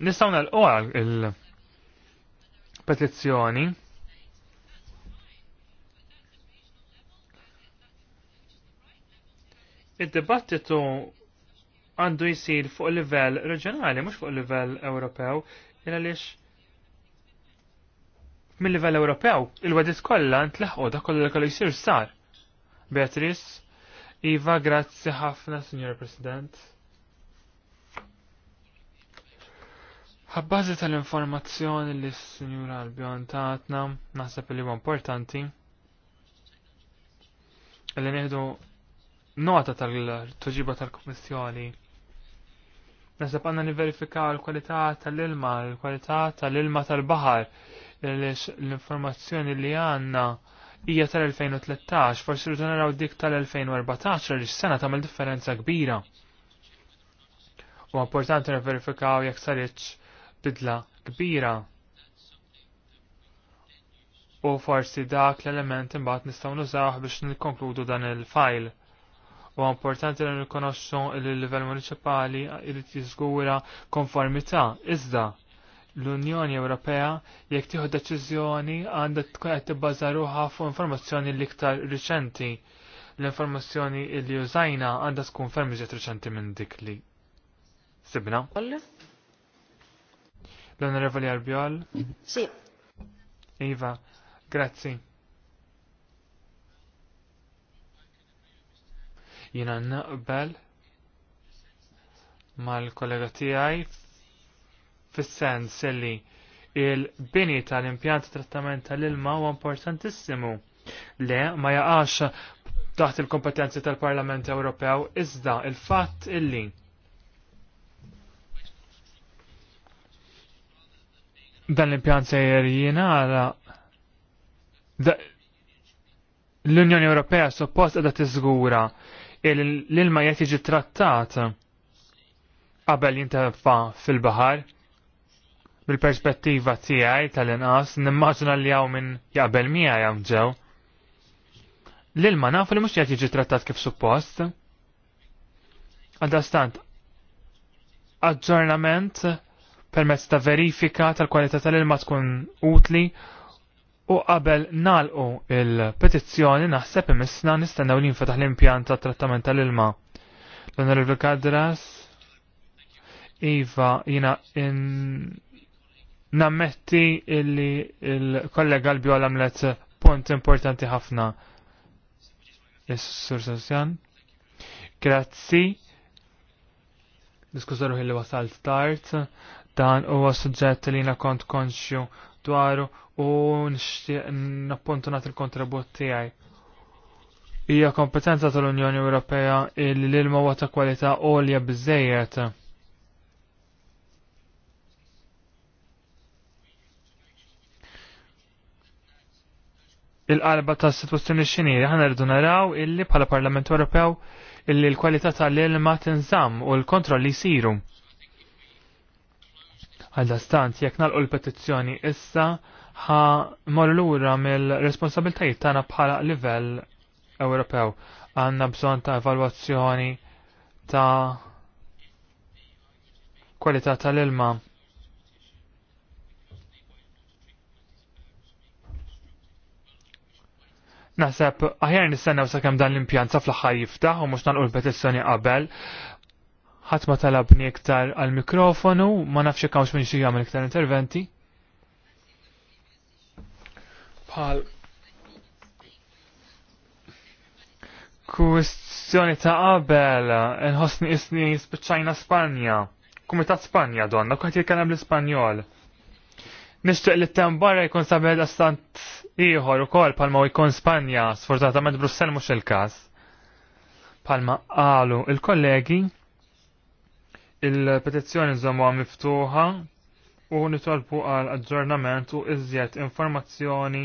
Nistgħu nagħlqu qoqa petizzjoni id-dibattitu għandu jisir fuq livell reġjonali, mhux fuq livell Ewropew, il għaliex mill-livell Ewropew il-wedit kollha ntlaħqu dak kollu li kollu jsir sar. Beatrice, Iva, grazzi ħafna, Signor President. Għabbażi tal-informazzjoni li s-Sinjura Albion tatna naħseb li huwa importanti, li neħdu nota tal-tuġiba tal-Komissjoni. Naħseb għanna niverifika l-kwalità tal-ilma, l-kwalità tal-ilma tal-bahar, l-informazzjoni li għanna hija tal-2013, forsi rridu naraw dik tal-2014 li s-sena tagħmel differenza kbira. U importanti niverifikaw jekk saritx bidla kbira. U forsi dak l-element imbagħad nistgħu nużawh biex nikkonkludu dan il-fajl. U importanti li nirrikonoxxu li l-livell municipali jrid jiżgura konformità iżda l-Unjoni Ewropea jekk tieħu deċiżjoni għandha tkun qed tibbaża ruħha fuq informazzjoni l-iktar riċenti. L-informazzjoni li użajna għandha tkun ferm ġiet riċenti minn dik li sibna. L-Onorevoli Arbiol? Sì. Iva, grazzi. Jina naqbel mal-kollega tijaj fis-sens li il-bini tal-impjant trattament tal-ilma huwa importantissimu. Le, ma jaqax taħt il-kompetenzi tal-Parlament Ewropew iżda il-fatt illi Dan l-impjant sejjer jingħala l-Unjoni Ewropea suppost qiegħda tiżgura l-ilma jgħet jiġi trattat qabel jintefa fil-baħar bil-perspettiva tiegħi tal-inqas nimmaġina li hawn minn jaqbel miegħi hawn ġew. L-ilma nafu li mhux qed jiġi trattat kif suppost. stant aġġornament permezz ta' verifika tal-kwalità tal-ilma tkun utli u qabel nalqu il-petizzjoni naħseb imissna nistennew li jinfetaħ l-impjant ta' trattament tal-ilma. L-Onorevoli Kadras, Iva, jina in... nammetti illi il-kollega l-bjol għamlet punt importanti ħafna. Is-Sur Sosjan. Grazzi. Diskużaru ħilli wasalt tard. Dan huwa suġġett li jiena kont konxju dwaru u nixtieq nappuntu nagħti l-kontribut tiegħi. Hija kompetenza tal-Unjoni Ewropea li l-ilma huwa ta' kwalità għolja biżejjed. il-qalba ta' situazzjoni xiniri, ħana rridu naraw illi bħala Parlament Ewropew illi l-kwalità tal-ilma tinżamm u l-kontroll li jsiru. Għalda stant, jek nalqu l-petizzjoni issa ħa mollura mill-responsabiltajiet tagħna bħala livell Ewropew. Għandna bżonn ta' evalwazzjoni ta' kwalità tal-ilma. Naħseb, aħjar nistennew sakemm dan l impjanza fl-aħħar jiftaħ u mhux nagħlqu l-petizzjoni qabel ħadd ma talabni iktar għal mikrofonu, ma nafx hekk hawnx minn xi jagħmel iktar interventi. Pal. Kwistjoni ta' qabel, inħossni isni spiċċajna Spanja, Kumitat Spanja donna, kħat jitkellem l spanjol Nishtuq li t-tem barra jkun sabed iħor ieħor ukoll palma jkun Spanja, sfortunatament Brussell mhux il-każ. Palma qalu il-kollegi, Il-petizzjoni nżommuha miftuħa u nitolbu għal aġġornament u iżjed informazzjoni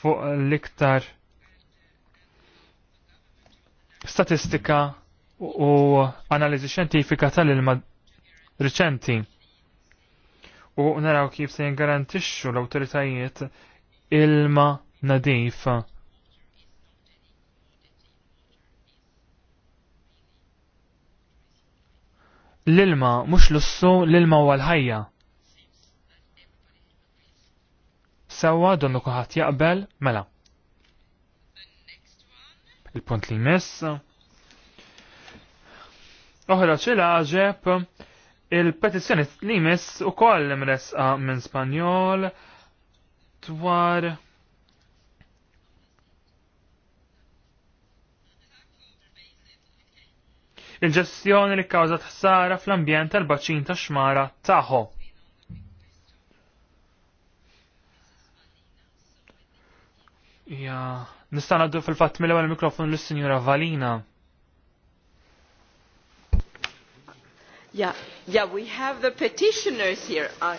fuq l-iktar statistika u analiżi xjentifika tal-ilma riċenti. U naraw kif se jingarantixxu l-awtoritajiet ilma nadif L-ilma mhux lussu, l-ilma u l-ħajja. Sewwa donnu kulħadd jaqbel mela. Il-punt li jmiss. Oħra ċilaġeb il-petizzjoni li jmiss ukoll imresqa minn Spanjol dwar il-ġestjoni li kkawżat ħsara fl-ambjent tal-baċin ta' xmara taħo. Ja, nistan għaddu fil fat mill-ewwel mikrofon l sinjura Valina. Yeah, yeah, we have the petitioners here. Uh,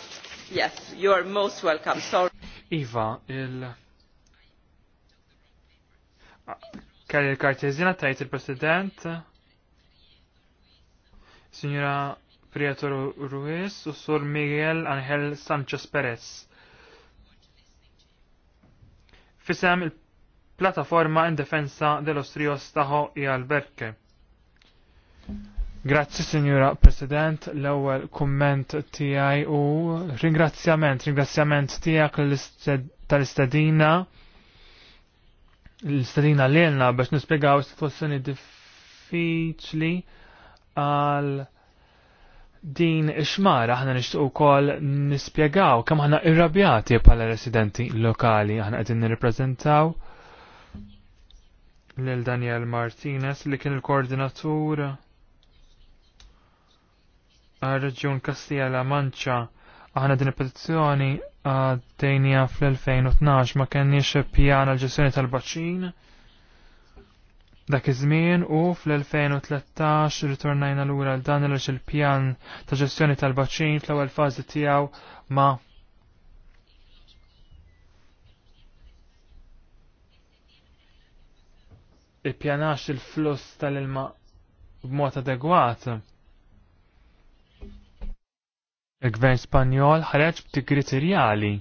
yes, you are most welcome. Sorry. Iva, il ah, Kalli l-kartezina tajt il-President Signora Prieto Ruiz u Sur Miguel Angel Sanchez Perez. Fisem il-Plataforma in Defensa dell strio Taho i Alberke. Grazzi, Signora President, l-ewwel kumment tiegħi u ringrazzjament, ringrazzjament tiegħek tal-istedina l-istedina l-elna biex nispjegaw situazzjoni diffiċli għal din ixmara xmara aħna u kol nispjegaw kemm aħna irrabjati bħala residenti lokali aħna qegħdin nirrappreżentaw lil Daniel Martinez li kien il-koordinatur għal reġjun Kastija La Manċa aħna din il-petizzjoni għaddejnija fl-2012 ma kenniex pjan għal ġestjoni tal-baċin dak iż-żmien u fl-2013 ritornajna lura l dan għaliex il-pjan ta' ġestjoni tal-baċin fl-ewwel fażi tiegħu ma ippjanax il-fluss tal-ilma b'mod adegwat. Il-Gvern Spanjol ħareġ b'tigriterjali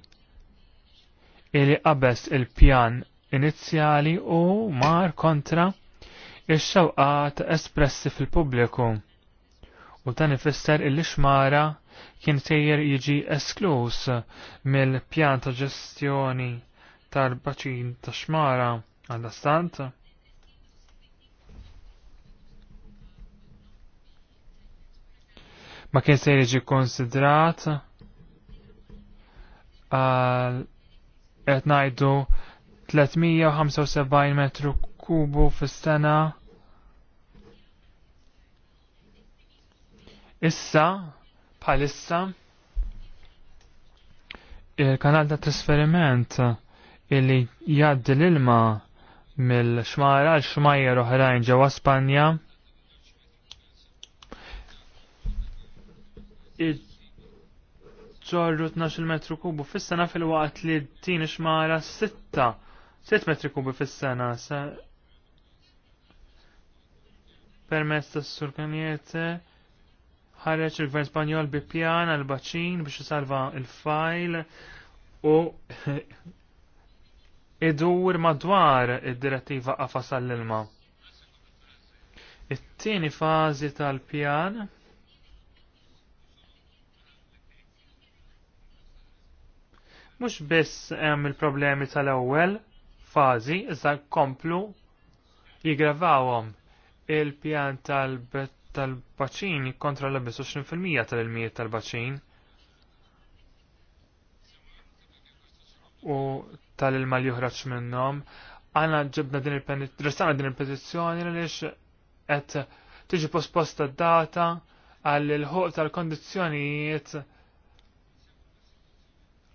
ili qabeż il-pjan inizjali u mar kontra ix ta' espressi fil-pubbliku. U dan ifisser illi xmara kien sejjer jiġi esklus mill-pjan ta' ġestjoni tal-baċin ta' xmara għandastant. Ma kien se jiġi konsidrat għal qed ngħidu 375 metru kubu fis-sena. Issa, bħalissa, il-kanal ta' trasferiment illi jgħaddi l-ilma mill-xmara għal xmajjer oħrajn ġewwa Spanja. ġorru 12 metru kubu fis-sena fil-waqt li din xmara 6 6 metri kubu fis-sena permezz tas sur Kanjete ħareġ il-Gvern Spanjol bi pjan għal baċin biex salva il-fajl u idur madwar id-direttiva għafasal l ilma It-tieni fażi tal-pjan mux biss hemm il-problemi tal-ewwel fażi iżda komplu jigravawhom il-pjan tal-baċin kontra l-25% tal-ilmijiet tal-baċin u tal-ilma li uħraċ minnom, għana ġibna din il-petizzjoni, din il-petizzjoni li qed tiġi posposta data għall il-ħuq tal-kondizjonijiet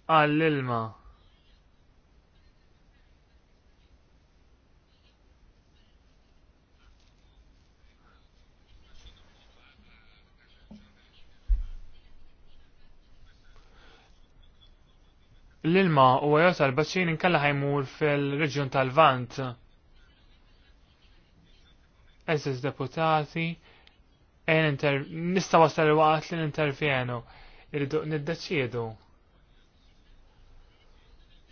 għall-ilma. l-ilma u għajosar baċin inkalla ħajmur fil-reġjun tal-Vant. Eżis deputati, nista wasal l waqt li n-intervjenu, irridu niddeċiedu.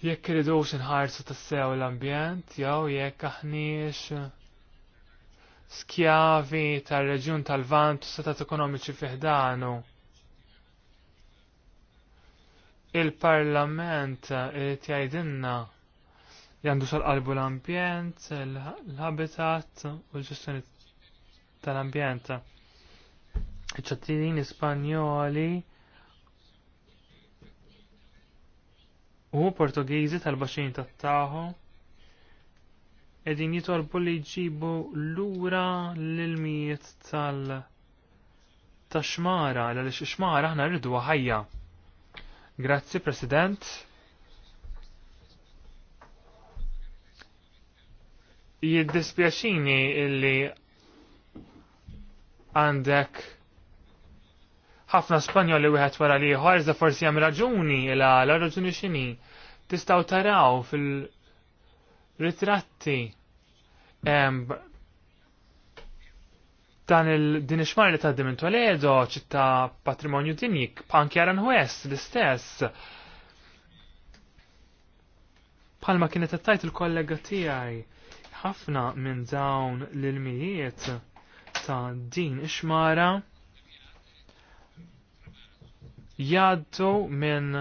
Jekk irridu xinħarsu tassew l-ambjent, jew jekk aħniex skjavi tal-reġjun tal-Vant u setat ekonomiċi fiħdanu il-parlament irid jgħidilna li għandu sal-qalbu l-ambjent, l-habitat u l-ġestjoni tal-ambjent. Iċ-ċattinin Spanjoli u Portugiżi tal-baxin tat-taħu edin jitolbu li jġibu l-ura l-ilmijiet tal-taxmara, l-għalix xmara ħna rridu ħajja. Grazzi, President. Jiddispjaċini illi għandek ħafna Spanjoli wieħed wara li ħarza forsi hemm raġuni ila la raġuni x'inhi. Tistgħu taraw fil-ritratti dan il-din ixmar li li tgħaddi minn edo ċitta patrimonju dinjik, anki Aran West l-istess. Palma kienet tajt il-kollega tiegħi ħafna minn dawn l-ilmijiet ta' din ixmara jaddu minn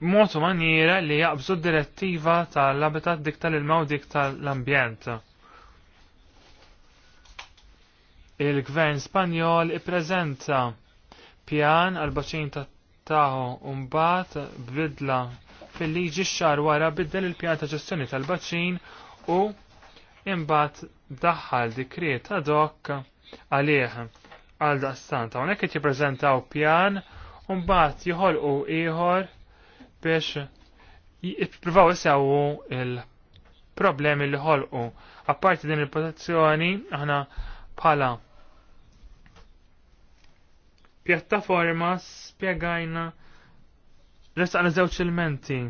b'mod maniera li jaqbżu direttiva tal-abitat dik tal ilmaw dik tal-ambjent. Il-gvern Spanjol ippreżenta pjan għal baċin ta' taħu umbat bidla fil-liġi xar wara biddel il-pjan ta' ġestjoni tal-baċin u imbat daħħal dikriet ad hoc għalih għal daqstanta. ta' unek jippreżentaw pjan umbat jħolqu ieħor biex jippruvaw jisawu il-problemi li ħolqu. Apparti din il pozizjoni aħna bħala pjattaforma spiegajna restaqna żewġ elementi.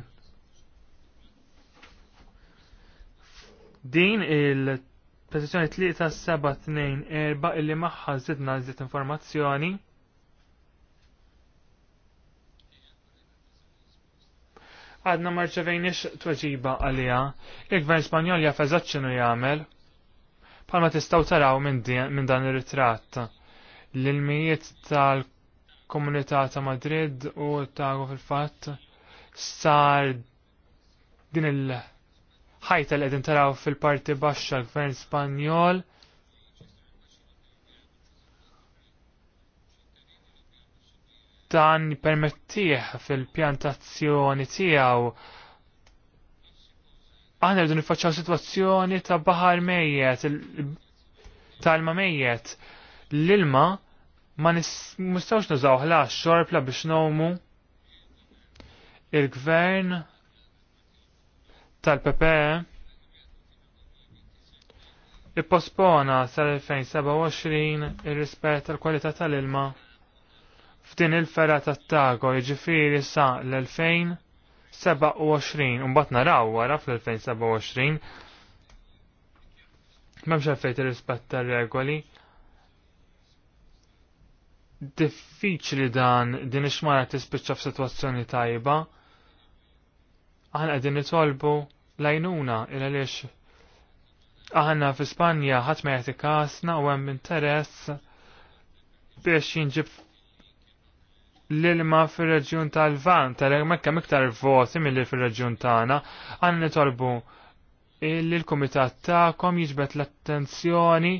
Din il-Petizzjoni 3724 illi maħħa zidna zid informazzjoni għadna marċevejniex tweġiba għalija. Il-gvern Spanjol jaf eżatt jgħamil, jagħmel. Palma tistgħu taraw minn dan ir-ritratt. L-ilmijiet tal-komunità ta' Madrid u ta' fil-fatt sar din il-ħajta li qegħdin taraw fil-parti baxxa l-gvern Spanjol dan permettih fil-pjantazzjoni tiegħu għandna rridu nifaċċaw sitwazzjoni ta' baħar mejjet, tal-ma mejjet. L-ilma ma nistgħux nużaw ħla xorbla biex nomu. Il-gvern tal-PPE ippospona sal-2027 ir-rispett tal-kwalità tal-ilma. tal kwalità tal ilma f'din il-fera tat-tago jiġifieri sa l-2027 u mbagħad naraw wara fl-2027 m'hemmx għalfejn tirrispetta r-regoli. Diffiċli dan din ix-xmara tispiċċa f'sitwazzjoni tajba. Aħna qegħdin nitolbu lajnuna il għaliex aħna fi Spanja ħadd ma jagħti kasna u hemm interess biex jinġib l-ilma fil-reġjun tal-Van, tal-Mekka miktar voti mill-li fil-reġjun tagħna, għan nitolbu li l-Kumitat tagħkom jiġbet l-attenzjoni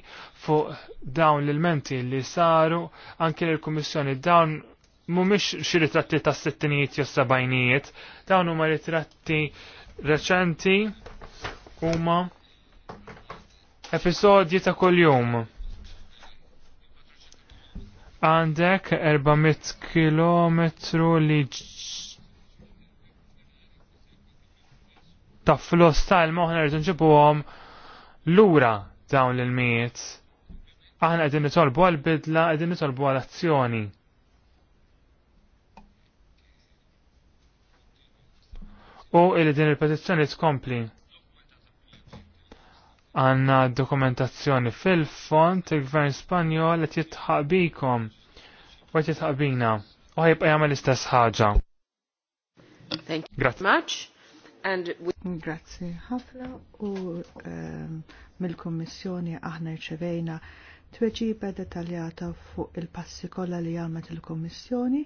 fuq dawn l-elementi li saru anke l-Kummissjoni dawn mhumiex xi ritratti ta' sittinijiet jew sabajniet, dawn huma ritratti reċenti huma episodji ta' kuljum għandek 400 km li ta' flus ta' il-moħna rridu l lura dawn l-miet. Aħna qegħdin nitolbu għal-bidla, qegħdin nitolbu għal-azzjoni. U il din il-petizzjoni tkompli għanna dokumentazzjoni fil-font il-gvern Spanjol qed jitħabikom u t jitħabina u ħajbqa jagħmel l-istess ħaġa. Thank you Grazie. much. And we... Grazie ħafna u um, ehm, mill-Kommissjoni aħna rċevejna tweġiba detaljata fuq il-passi kollha li għamet il-Kommissjoni.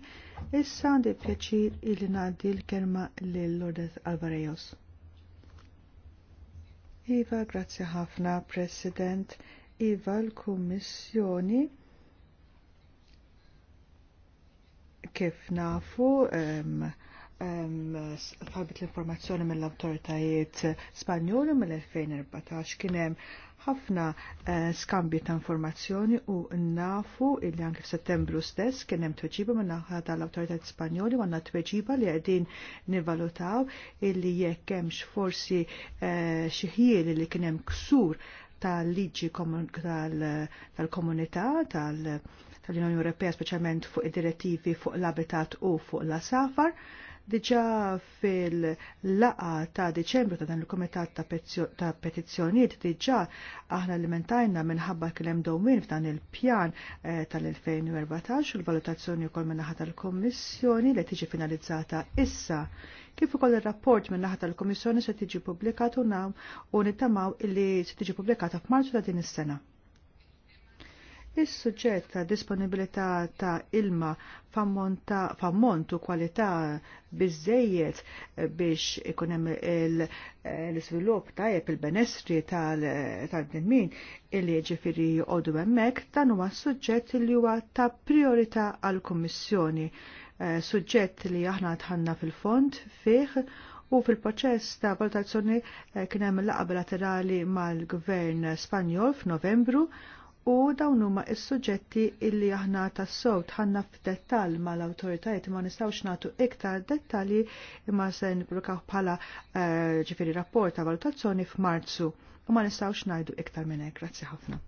Issa għandi pjaċir il-li ngħaddi l-kelma lil Alvarejos. Iva, grazzi ħafna, President. Iva, l-Kummissjoni kif nafu um, l-informazzjoni mill-autoritajiet Spanjoli mill-2014 kien hemm ħafna eh, skambi ta' informazzjoni u nafu illi anke f'Settembru stess kien hemm tweġiba minn naħa tal awtorità Spanjoli għandna tweġiba li qegħdin nivvalutaw illi jekk hemmx forsi eh, xi ħieli li kien hemm ksur tal-liġi tal-komunità tal-Unjoni Ewropea speċjalment fuq id-direttivi fuq l-abitat u fuq l-asafar. Diġa fil-laqa ta' Deċembru ta' dan il-Komitat ta' Petizzjonijiet diġa aħna alimentajna minħabba kien hemm dowmin f'dan il-pjan eh, tal-2014 u l-valutazzjoni wkoll minnaħat tal-Kommissjoni li tiġi finalizzata issa kif ukoll ir-rapport minnaħat naħa tal-Komissjoni se tiġi pubblikatu nam u nittamaw illi se tiġi pubblikata f'Marzu ta' din is-sena. Is-suġġett ta' disponibilità ta' ilma f'ammont u kwalità biżejjed biex ikun hemm l-iżvilupp tajjeb il-benestri tal-bnedmin illi ġifieri jqogħdu hemmhekk dan huwa suġġett li huwa ta' priorità għall-Kummissjoni. Eh, suġġett li aħna tħanna fil-fond fih u fil-proċess ta' valutazzjoni eh, kien hemm laqgħa bilaterali mal-Gvern Spanjol f'Novembru u dawn huma s-suġġetti illi aħna tas sowt ħanna f'dettall mal-awtoritajiet ma nistgħux nagħtu iktar dettalji imma se nibrukaw bħala eh, ġifieri rapport ta' valutazzjoni f'Marzu u ma nistgħux ngħidu iktar minn hekk. Grazzi ħafna.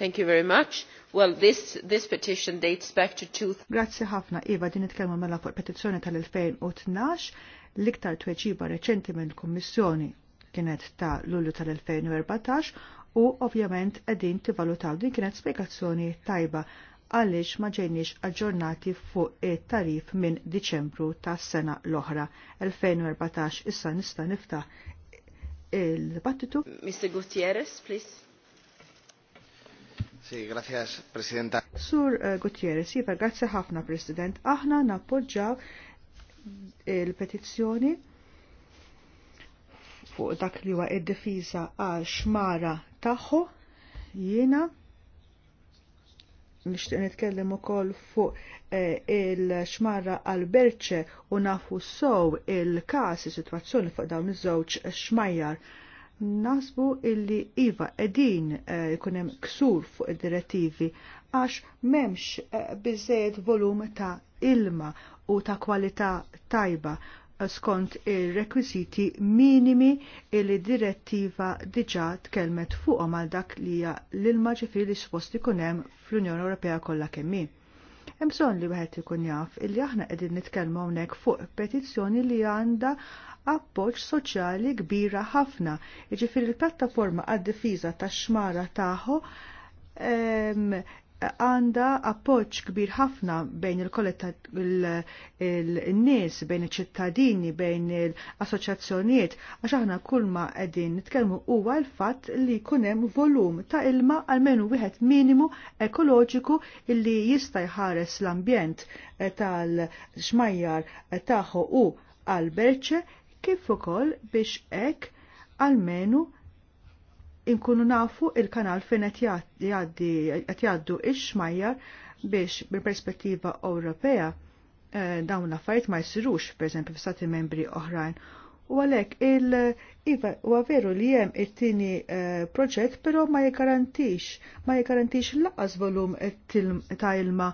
Thank you very much. Well, this, this petition dates back to two... Grazzi ħafna, Iva, din itkellmu mela fuq petizzjoni tal-2012 l-iktar tweġiba reċenti minn kummissjoni kienet ta' Lulju tal-2014 u ovvjament qegħdin tivalutaw din kienet spjegazzjoni tajba għaliex ma ġejniex aġġornati fuq it-tarif minn Diċembru tas sena l-oħra 2014 issa nista' niftaħ il-battitu. Mr. Gutierrez, please. Sì, grazie, Presidenta. Sur uh, Gutierrez, jiva, grazie ħafna, President. Aħna nappoġġaw il-petizzjoni fuq dak li huwa id-difiża għal xmara tagħhom. jiena nixtieq nitkellem ukoll fuq eh, il-xmara għal-berċe u nafu sow il-każ is-sitwazzjoni fuq dawn iż-żewġ xmajjar. Nasbu illi iva edin jkun eh, hemm ksur fuq id-direttivi għax memx eh, volum ta' ilma u ta' kwalità tajba skont ir-rekwiżiti minimi li direttiva diġà tkellmet fuqhom għal dak li hija l-ilma ġifieri li suppost ikun hemm fl-Unjoni Ewropea kollha kemm hi. Hemm bżonn li wieħed ikun jaf illi aħna qegħdin nitkellmu hawnhekk fuq petizzjoni li għandha appoġġ soċjali kbira ħafna. Jiġifieri l-plattaforma għad-difiża tax-xmara tagħhom ehm, għanda appoġġ kbir ħafna bejn il-nies, il bejn il ċittadini bejn il-assoċjazzjonijiet, għax aħna kull ma qegħdin nitkellmu huwa l-fatt li jkun hemm volum ta' ilma menu wieħed minimu ekoloġiku illi jista' jħares l-ambjent eh, tal-xmajjar eh, tagħhom u għal-berċe kif ukoll biex hekk għalmenu inkunu nafu il-kanal fejn qed jgħaddu ix-xmajjar biex bil-perspettiva Ewropea eh, dawn l-affarijiet ma jsirux pereżempju f'stati membri oħrajn. U għalhekk il iva huwa veru li hemm it-tieni eh, proġett però ma jgarantix ma jgarantix laqas volum ta' ilma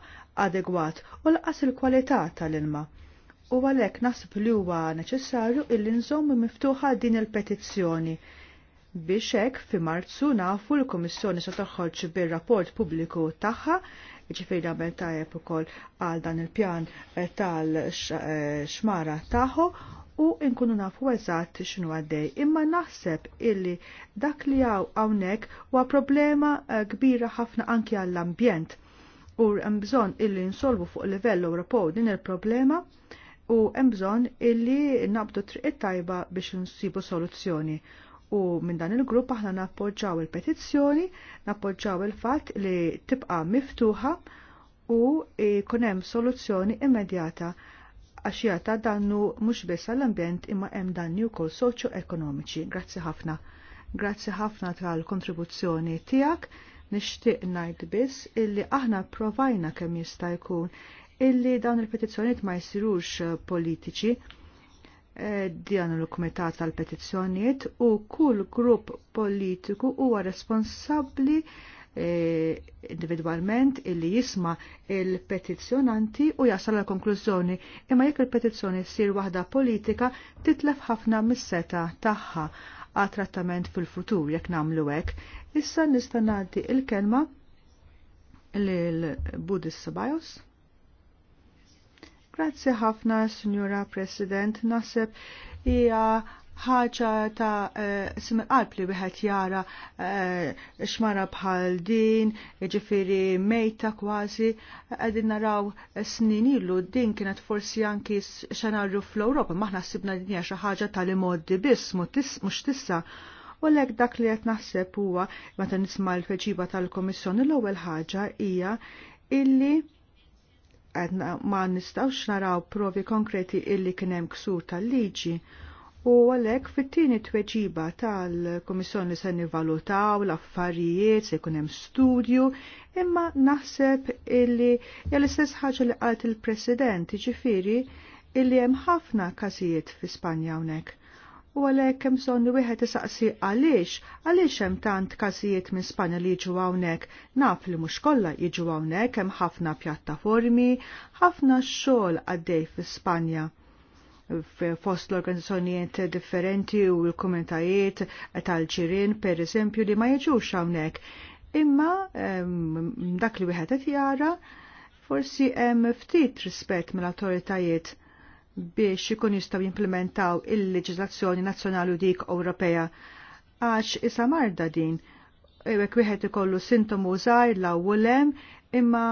adegwat u laqas il-kwalità tal-ilma. U għalhekk naħseb li huwa neċessarju illi nżommu miftuħa din il-petizzjoni. il il petizzjoni biex hekk fi Marzu nafu l-Kummissjoni se toħroġ bir-rapport pubbliku tagħha ġifiri għamel tajab ukoll għal dan il-pjan eh, tal-xmara taħu u nkunu nafu eżatt x'inhu għaddej. Imma naħseb illi dak li għaw hawnhekk huwa problema eh, kbira ħafna anki għall-ambjent u hemm bżonn illi nsolvu fuq livell Ewropew din il-problema u hemm bżonn illi nabdu triq tajba biex nsibu soluzzjoni u minn dan il-grupp aħna nappoġġaw il-petizzjoni, nappoġġaw il-fatt li tibqa' miftuħa u jkun hemm soluzzjoni immedjata għax dannu mhux biss għall-ambjent imma hemm danni wkoll soċu ekonomiċi Grazzi ħafna. Grazzi ħafna tal-kontribuzzjoni tiegħek. Nixtieq ngħid biss illi aħna provajna kemm jista' jkun illi dawn il-petizzjonijiet ma jsirux politiċi dijan l-Kumitat tal-Petizzjonijiet u kull grupp politiku huwa responsabbli E, eh, individualment illi jisma il-petizzjonanti u jasal la konklużjoni imma jekk il-petizzjoni ssir waħda politika titlef ħafna mis-seta tagħha għal trattament fil-futur jekk nagħmlu hekk. Issa nista' il-kelma lil Buddhist Sabajos. Grazzi ħafna, Signora President. Naseb hija ħaġa ta' uh, simil qalb li wieħed jara uh, xmara bħal din, ġifiri mejta kważi, għedin naraw snin ilu din kienet forsi anki xanarru fl-Europa, maħna sibna din hija xi ħaġa tal-imoddi biss, mhux tissa. U lek dak li qed naħseb huwa meta nisma' l-feċiba tal-Komissjoni l-ewwel ħaġa hija illi għedna ma nistawx naraw provi konkreti illi kienem ksur tal-liġi u għalek fit-tieni tweġiba tal-Komissjoni se nivalutaw l-affarijiet se jkun hemm studju imma naħseb illi l-istess ħaġa li għalt il-President ġifiri illi hemm ħafna każijiet fi Spanja hawnhekk u għalhekk hemm bżonn wieħed isaqsi għaliex għaliex hemm tant każijiet minn Spanja li jiġu hawnhekk naf li mhux kollha jiġu hawnhekk hemm ħafna pjattaformi, ħafna xogħol għaddej fi Spanja fost l-organizzazzjonijiet differenti u l kumentajiet tal-ġirien per eżempju li ma jiġux hawnhekk. Imma dak li wieħed qed jara forsi hemm ftit rispett mill-awtoritajiet biex ikun jistgħu jimplementaw il-leġiżlazzjoni nazzjonali u dik Ewropea. Għax isa marda din, ewek wieħed ikollu sintomu żgħar l wulem, imma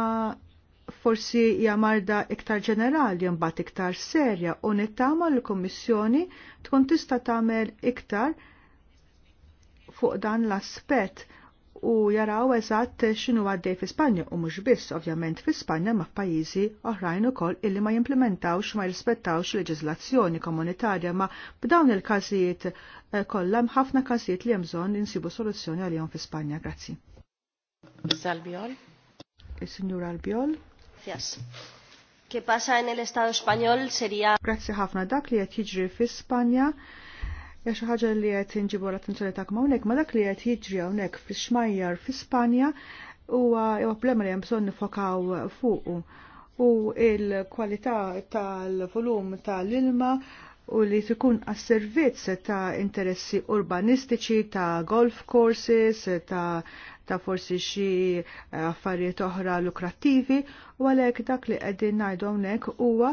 forsi hija marda iktar ġenerali mbagħad iktar serja u nittama l-Kummissjoni tkun tista' tagħmel iktar fuq dan l-aspett u jaraw eżatt x'inhu għaddej fi Spanja u mhux biss ovvjament fi Spanja ma' pajjiżi oħrajn ukoll illi ma jimplementawx ma jrispettawx leġislazzjoni komunitarja ma b'dawn il-każijiet eh, kollha ħafna każijiet li hemm bżonn insibu soluzzjoni għalihom fi Spanja. Grazzi. Salbiol. Is-Sinjur eh, Albiol. Yes. Che pasa el Estado sería Grazzi ħafna dak li qed jiġri fi Spanja Ja xi ħaġa li qed inġibu l-attenzjoni tagħkom hawnhekk ma dak li qed jiġri hawnhekk fix-xmajjar fi Spanja huwa problema li hemm bżonn nifokaw fuqu. U il-kwalità tal-volum tal-ilma u li tkun għas servizz ta' interessi urbanistiċi, ta' golf courses, ta' ta' forsi xi eh, affarijiet oħra lukrattivi u għalhekk dak li qegħdin ngħidu hawnhekk huwa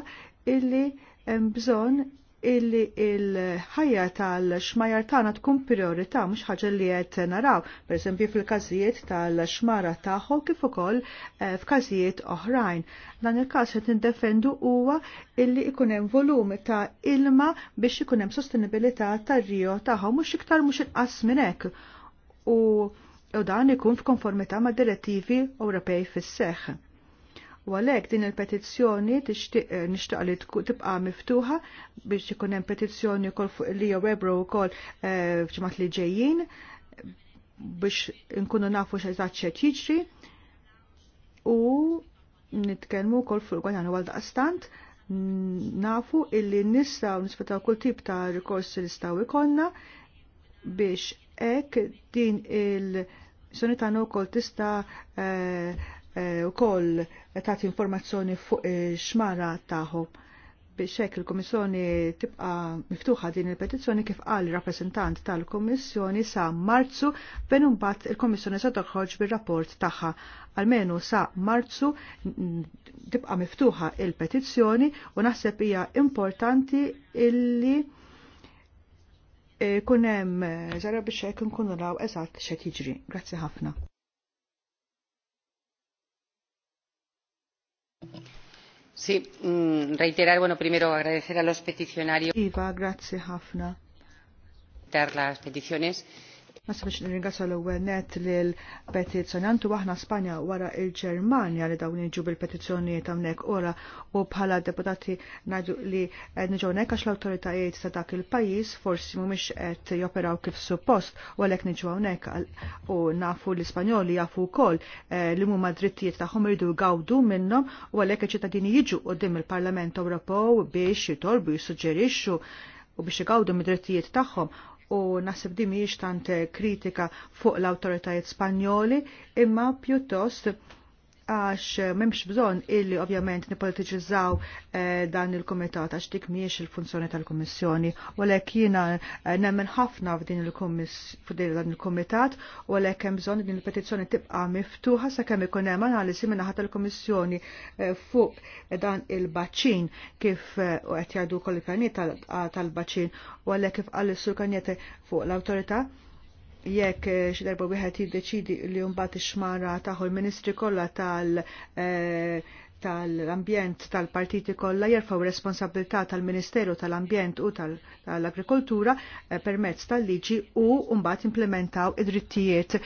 illi hemm bżonn illi il-ħajja tal-xmajar tagħna tkun priorità mhux ħaġa li qed naraw, pereżempju fil-każijiet tal-xmara tagħhom kif ukoll eh, f'każijiet oħrajn. Dan il-każ qed nindefendu huwa illi ikun hemm volum ta' ilma biex ikun hemm sostenibilità tar-rio tagħhom mhux iktar mhux inqas minn hekk. U u dan ikun f'konformità ma' direttivi Ewropej fis-seħħ U għalhekk din il-petizzjoni tixtieq eh, nixtaq li tibqa' miftuħa biex ikun hemm petizzjoni wkoll fuq li Webro wkoll eh, f'ġimgħat li ġejjin biex nkunu nafu x'eżatt xed jiġri u nitkellmu wkoll fuq il-gwanjan għal daqstant nafu illi nistaw nisfetaw kull tip ta' rikors li staw ikonna biex ek din il- sonita nokol tista' eh, wkoll eh, tagħti informazzjoni fuq xmara tagħhom biex hekk il-Komissjoni tibqa miftuħa din il-petizzjoni kif qal rappresentant tal-Komissjoni sa Marzu fejn imbagħad il-Komissjoni se toħroġ bir-rapport tagħha. Almenu sa Marzu tibqa miftuħa il-petizzjoni u naħseb hija importanti illi eh, kunem hemm ġara eh, biex hekk nkunu naw eżatt x'qed jiġri. Grazzi ħafna. Mm, reiterar, bueno, primero agradecer a los peticionarios. Iva, grazie, Hafna. Nasa biex nirringasa l-ewwel net lil petizzjonantu aħna Spanja wara il-Ġermanja li dawn iġu bil-petizzjonijiet hawnhekk ora u bħala deputati ngħidu li niġu hawnhekk għax l-awtoritajiet ta' dak il-pajjiż forsi mhumiex qed joperaw kif suppost u għalhekk niġu hawnhekk u nafu l-Ispanjoli jafu wkoll eh, li huma drittijiet tagħhom iridu jgawdu minnhom u għalhekk iċ-ċittadini jiġu qudiem il-Parlament Ewropew biex jitolbu jissuġġerixxu u biex igawdu mid-drittijiet tagħhom u nasib dimiex tant kritika fuq l-autoritajiet Spanjoli imma pjuttost għax memx bżon illi ovvjament nipolitiċizzaw eh, dan il-komitat għax dik miex il-funzjoni tal u Walek jina eh, nemmen ħafna f'din il-komitat, il walek hemm bżon din il-petizzjoni tibqa' miftuħa sa kemm ikun hemm analiżi minn ħadd il-Kommissjoni eh, fuq dan il-baċin kif eh, qed jgħidu kolli tal-baċin, walek kif qal is fuq l-awtorità jekk eh, xi darba wieħed jiddeċidi li mbagħad ix-xmara taħol ministri kollha tal- eh, tal-ambjent tal-partiti kollha jerfaw responsabilità tal-Ministeru tal-Ambjent u tal-Agrikoltura eh, permezz tal-liġi u mbagħad implementaw id-drittijiet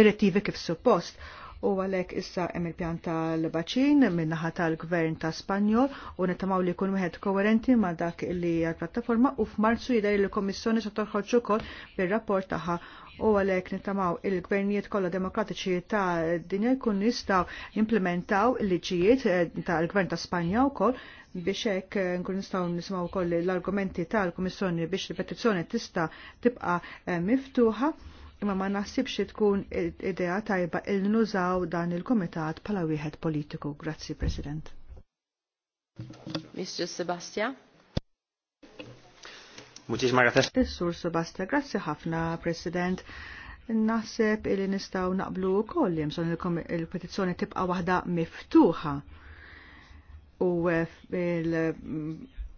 direttivi kif suppost u għalek issa hemm il-pjan tal-baċin minnaħa tal-gvern ta' Spanjol u netamaw li kun wieħed koerenti ma' dak li għal-plattaforma u f'Marzu jidher li l-Kommissjoni se torħoġ ukoll bir-rapport tagħha u għalek nittamaw il-gvernijiet kollha demokratiċi ta' dinja jkun jistgħu implementaw liġijiet eh, tal-gvern ta' Spanja wkoll biex hekk eh, nkun nistgħu nisimgħu wkoll l-argumenti tal-Kummissjoni biex il petizzjoni tista' tibqa' eh, miftuħa imma ma naħsibx tkun idea tajba il nużaw dan il-komitat pala wieħed politiku. Grazzi, President. Mr. Sebastia. Muċiżma grazie. Is-Sur Sebastia, grazzi ħafna, President. Naħseb il nistaw naqblu koll jemson il-petizzjoni tibqa waħda miftuħa u eh, il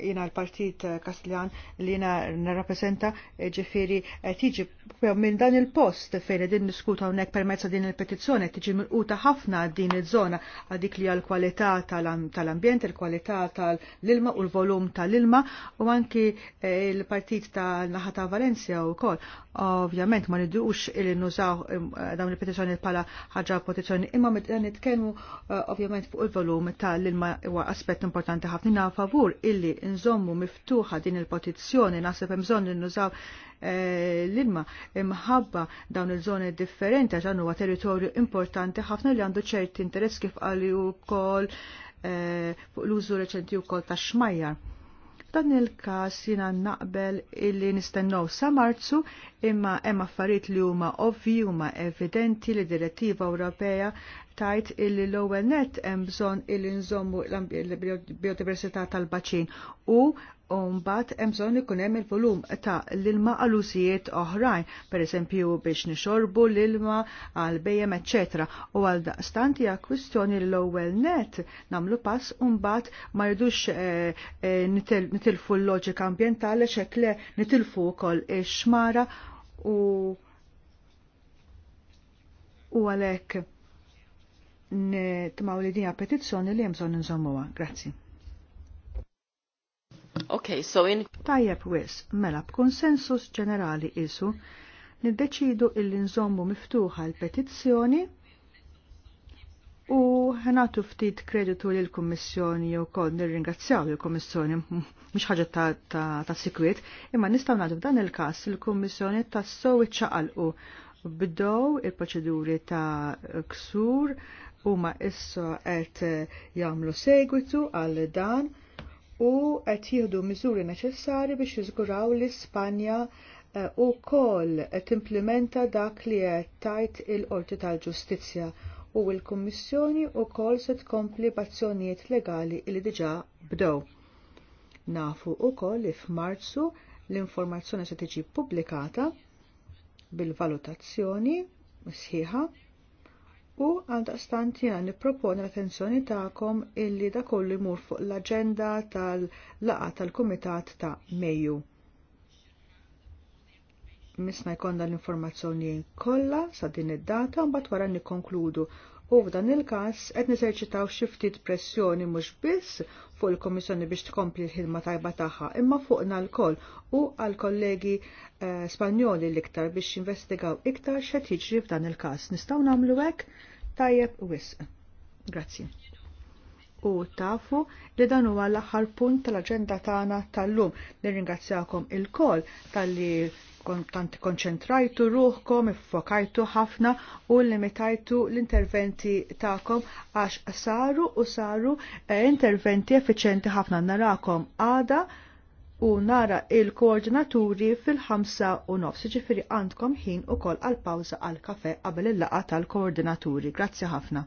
jina l-partit Kastiljan li jina nirrappresenta eh, ġifiri eh, tiġi minn dan il-post fejn din niskuta unnek permezza din il-petizzjoni tiġi mirquta ħafna din il-żona għadik li għal-kwalità tal-ambjent, il-kwalità tal-ilma u l-volum tal-ilma u anki eh, il-partit tal-naħa ta' Valencia u kol Ovvjament ma nidux illi nużaw eh, dawn il-petizjoni pala ħaġa petizjoni imma eh, nitkellmu eh, ovvjament fuq il-volum tal-ilma huwa aspett importanti ħafna favur illi nżommu miftuħa din il petizjoni naħseb hemm bżonn nużaw l-ilma imħabba dawn il-żoni differenti għax huwa territorju importanti ħafna li għandu ċerti interess kif għalli wkoll fuq l-użu reċenti wkoll tax-xmajjar F'dan il-każ jiena naqbel illi nistennow sa Marzu imma hemm affarijiet li huma ovvi huma evidenti li direttiva Ewropea tajt illi l-ewwel net hemm bżonn illi nżommu l-biodiversità tal-baċin u mbagħad hemm bżonn ikun hemm il-volum ta' l-ilma użijiet oħrajn, pereżempju biex nixorbu l-ilma għal bejjem eċetera. U għal daqstant hija kwistjoni l-ewwel net nagħmlu pass u mbagħad ma jridux eh, eh, nitilfu l-loġika ambjentali xekle nitilfu wkoll ix-xmara u u għalhekk nitmaw li dinja petizzjoni li jemżon nżommuwa. Grazzi. Ok, so in... Tajjeb wis, mela b'konsensus ġenerali isu, niddeċidu illi nżommu miftuħa l-petizzjoni u ħanatu ftit kreditu li l-Kommissjoni jew kod nirringrazzjaw l-Kommissjoni mux ħaġa ta', ta, ta sikwiet, imma nistgħu nadu f'dan il-każ il-Kummissjoni tassew iċċaqalqu bdew il-proċeduri ta' ksur huma issa qed eh, jagħmlu segwitu għal dan u qed jieħdu miżuri neċessari biex jiżguraw li Spanja eh, u kol timplementa dak li tajt il-Qorti tal-Ġustizzja u l-Kummissjoni u koll se tkompli b'azzjonijiet legali li diġà bdew. Nafu u koll li f'Marzu l-informazzjoni se tiġi publikata bil-valutazzjoni sħiħa U għaldaqstant, daqstant jena l-attenzjoni ta'kom illi da kollu jmur fuq l-agenda tal-laqa tal-Kumitat ta' Mejju. Misna jkonna l-informazzjoni kollha sa' din id-data u mbagħad wara nikkonkludu u f'dan il-każ qed niserċitaw xi ftit pressjoni mhux biss fuq il-Komissjoni biex tkompli l-ħilma tajba tagħha, imma fuqna l-koll u għal kollegi eh, Spanjoli l-iktar biex jinvestigaw iktar x'qed jiġri f'dan il-każ. Nistgħu nagħmlu hekk tajjeb wisq. Grazzi. U tafu li dan huwa l-aħħar punt tal-aġenda tagħna tal-lum. Nirringrazzjakom il-koll tal-li tant konċentrajtu ruħkom, iffokajtu ħafna u limitajtu l-interventi ta'kom għax saru u saru interventi effiċenti ħafna narakom għada u nara il-koordinaturi fil-ħamsa u nofs, ġifiri għandkom ħin u kol għal-pawza għal-kafe qabel il-laqa tal-koordinaturi. Grazzi ħafna.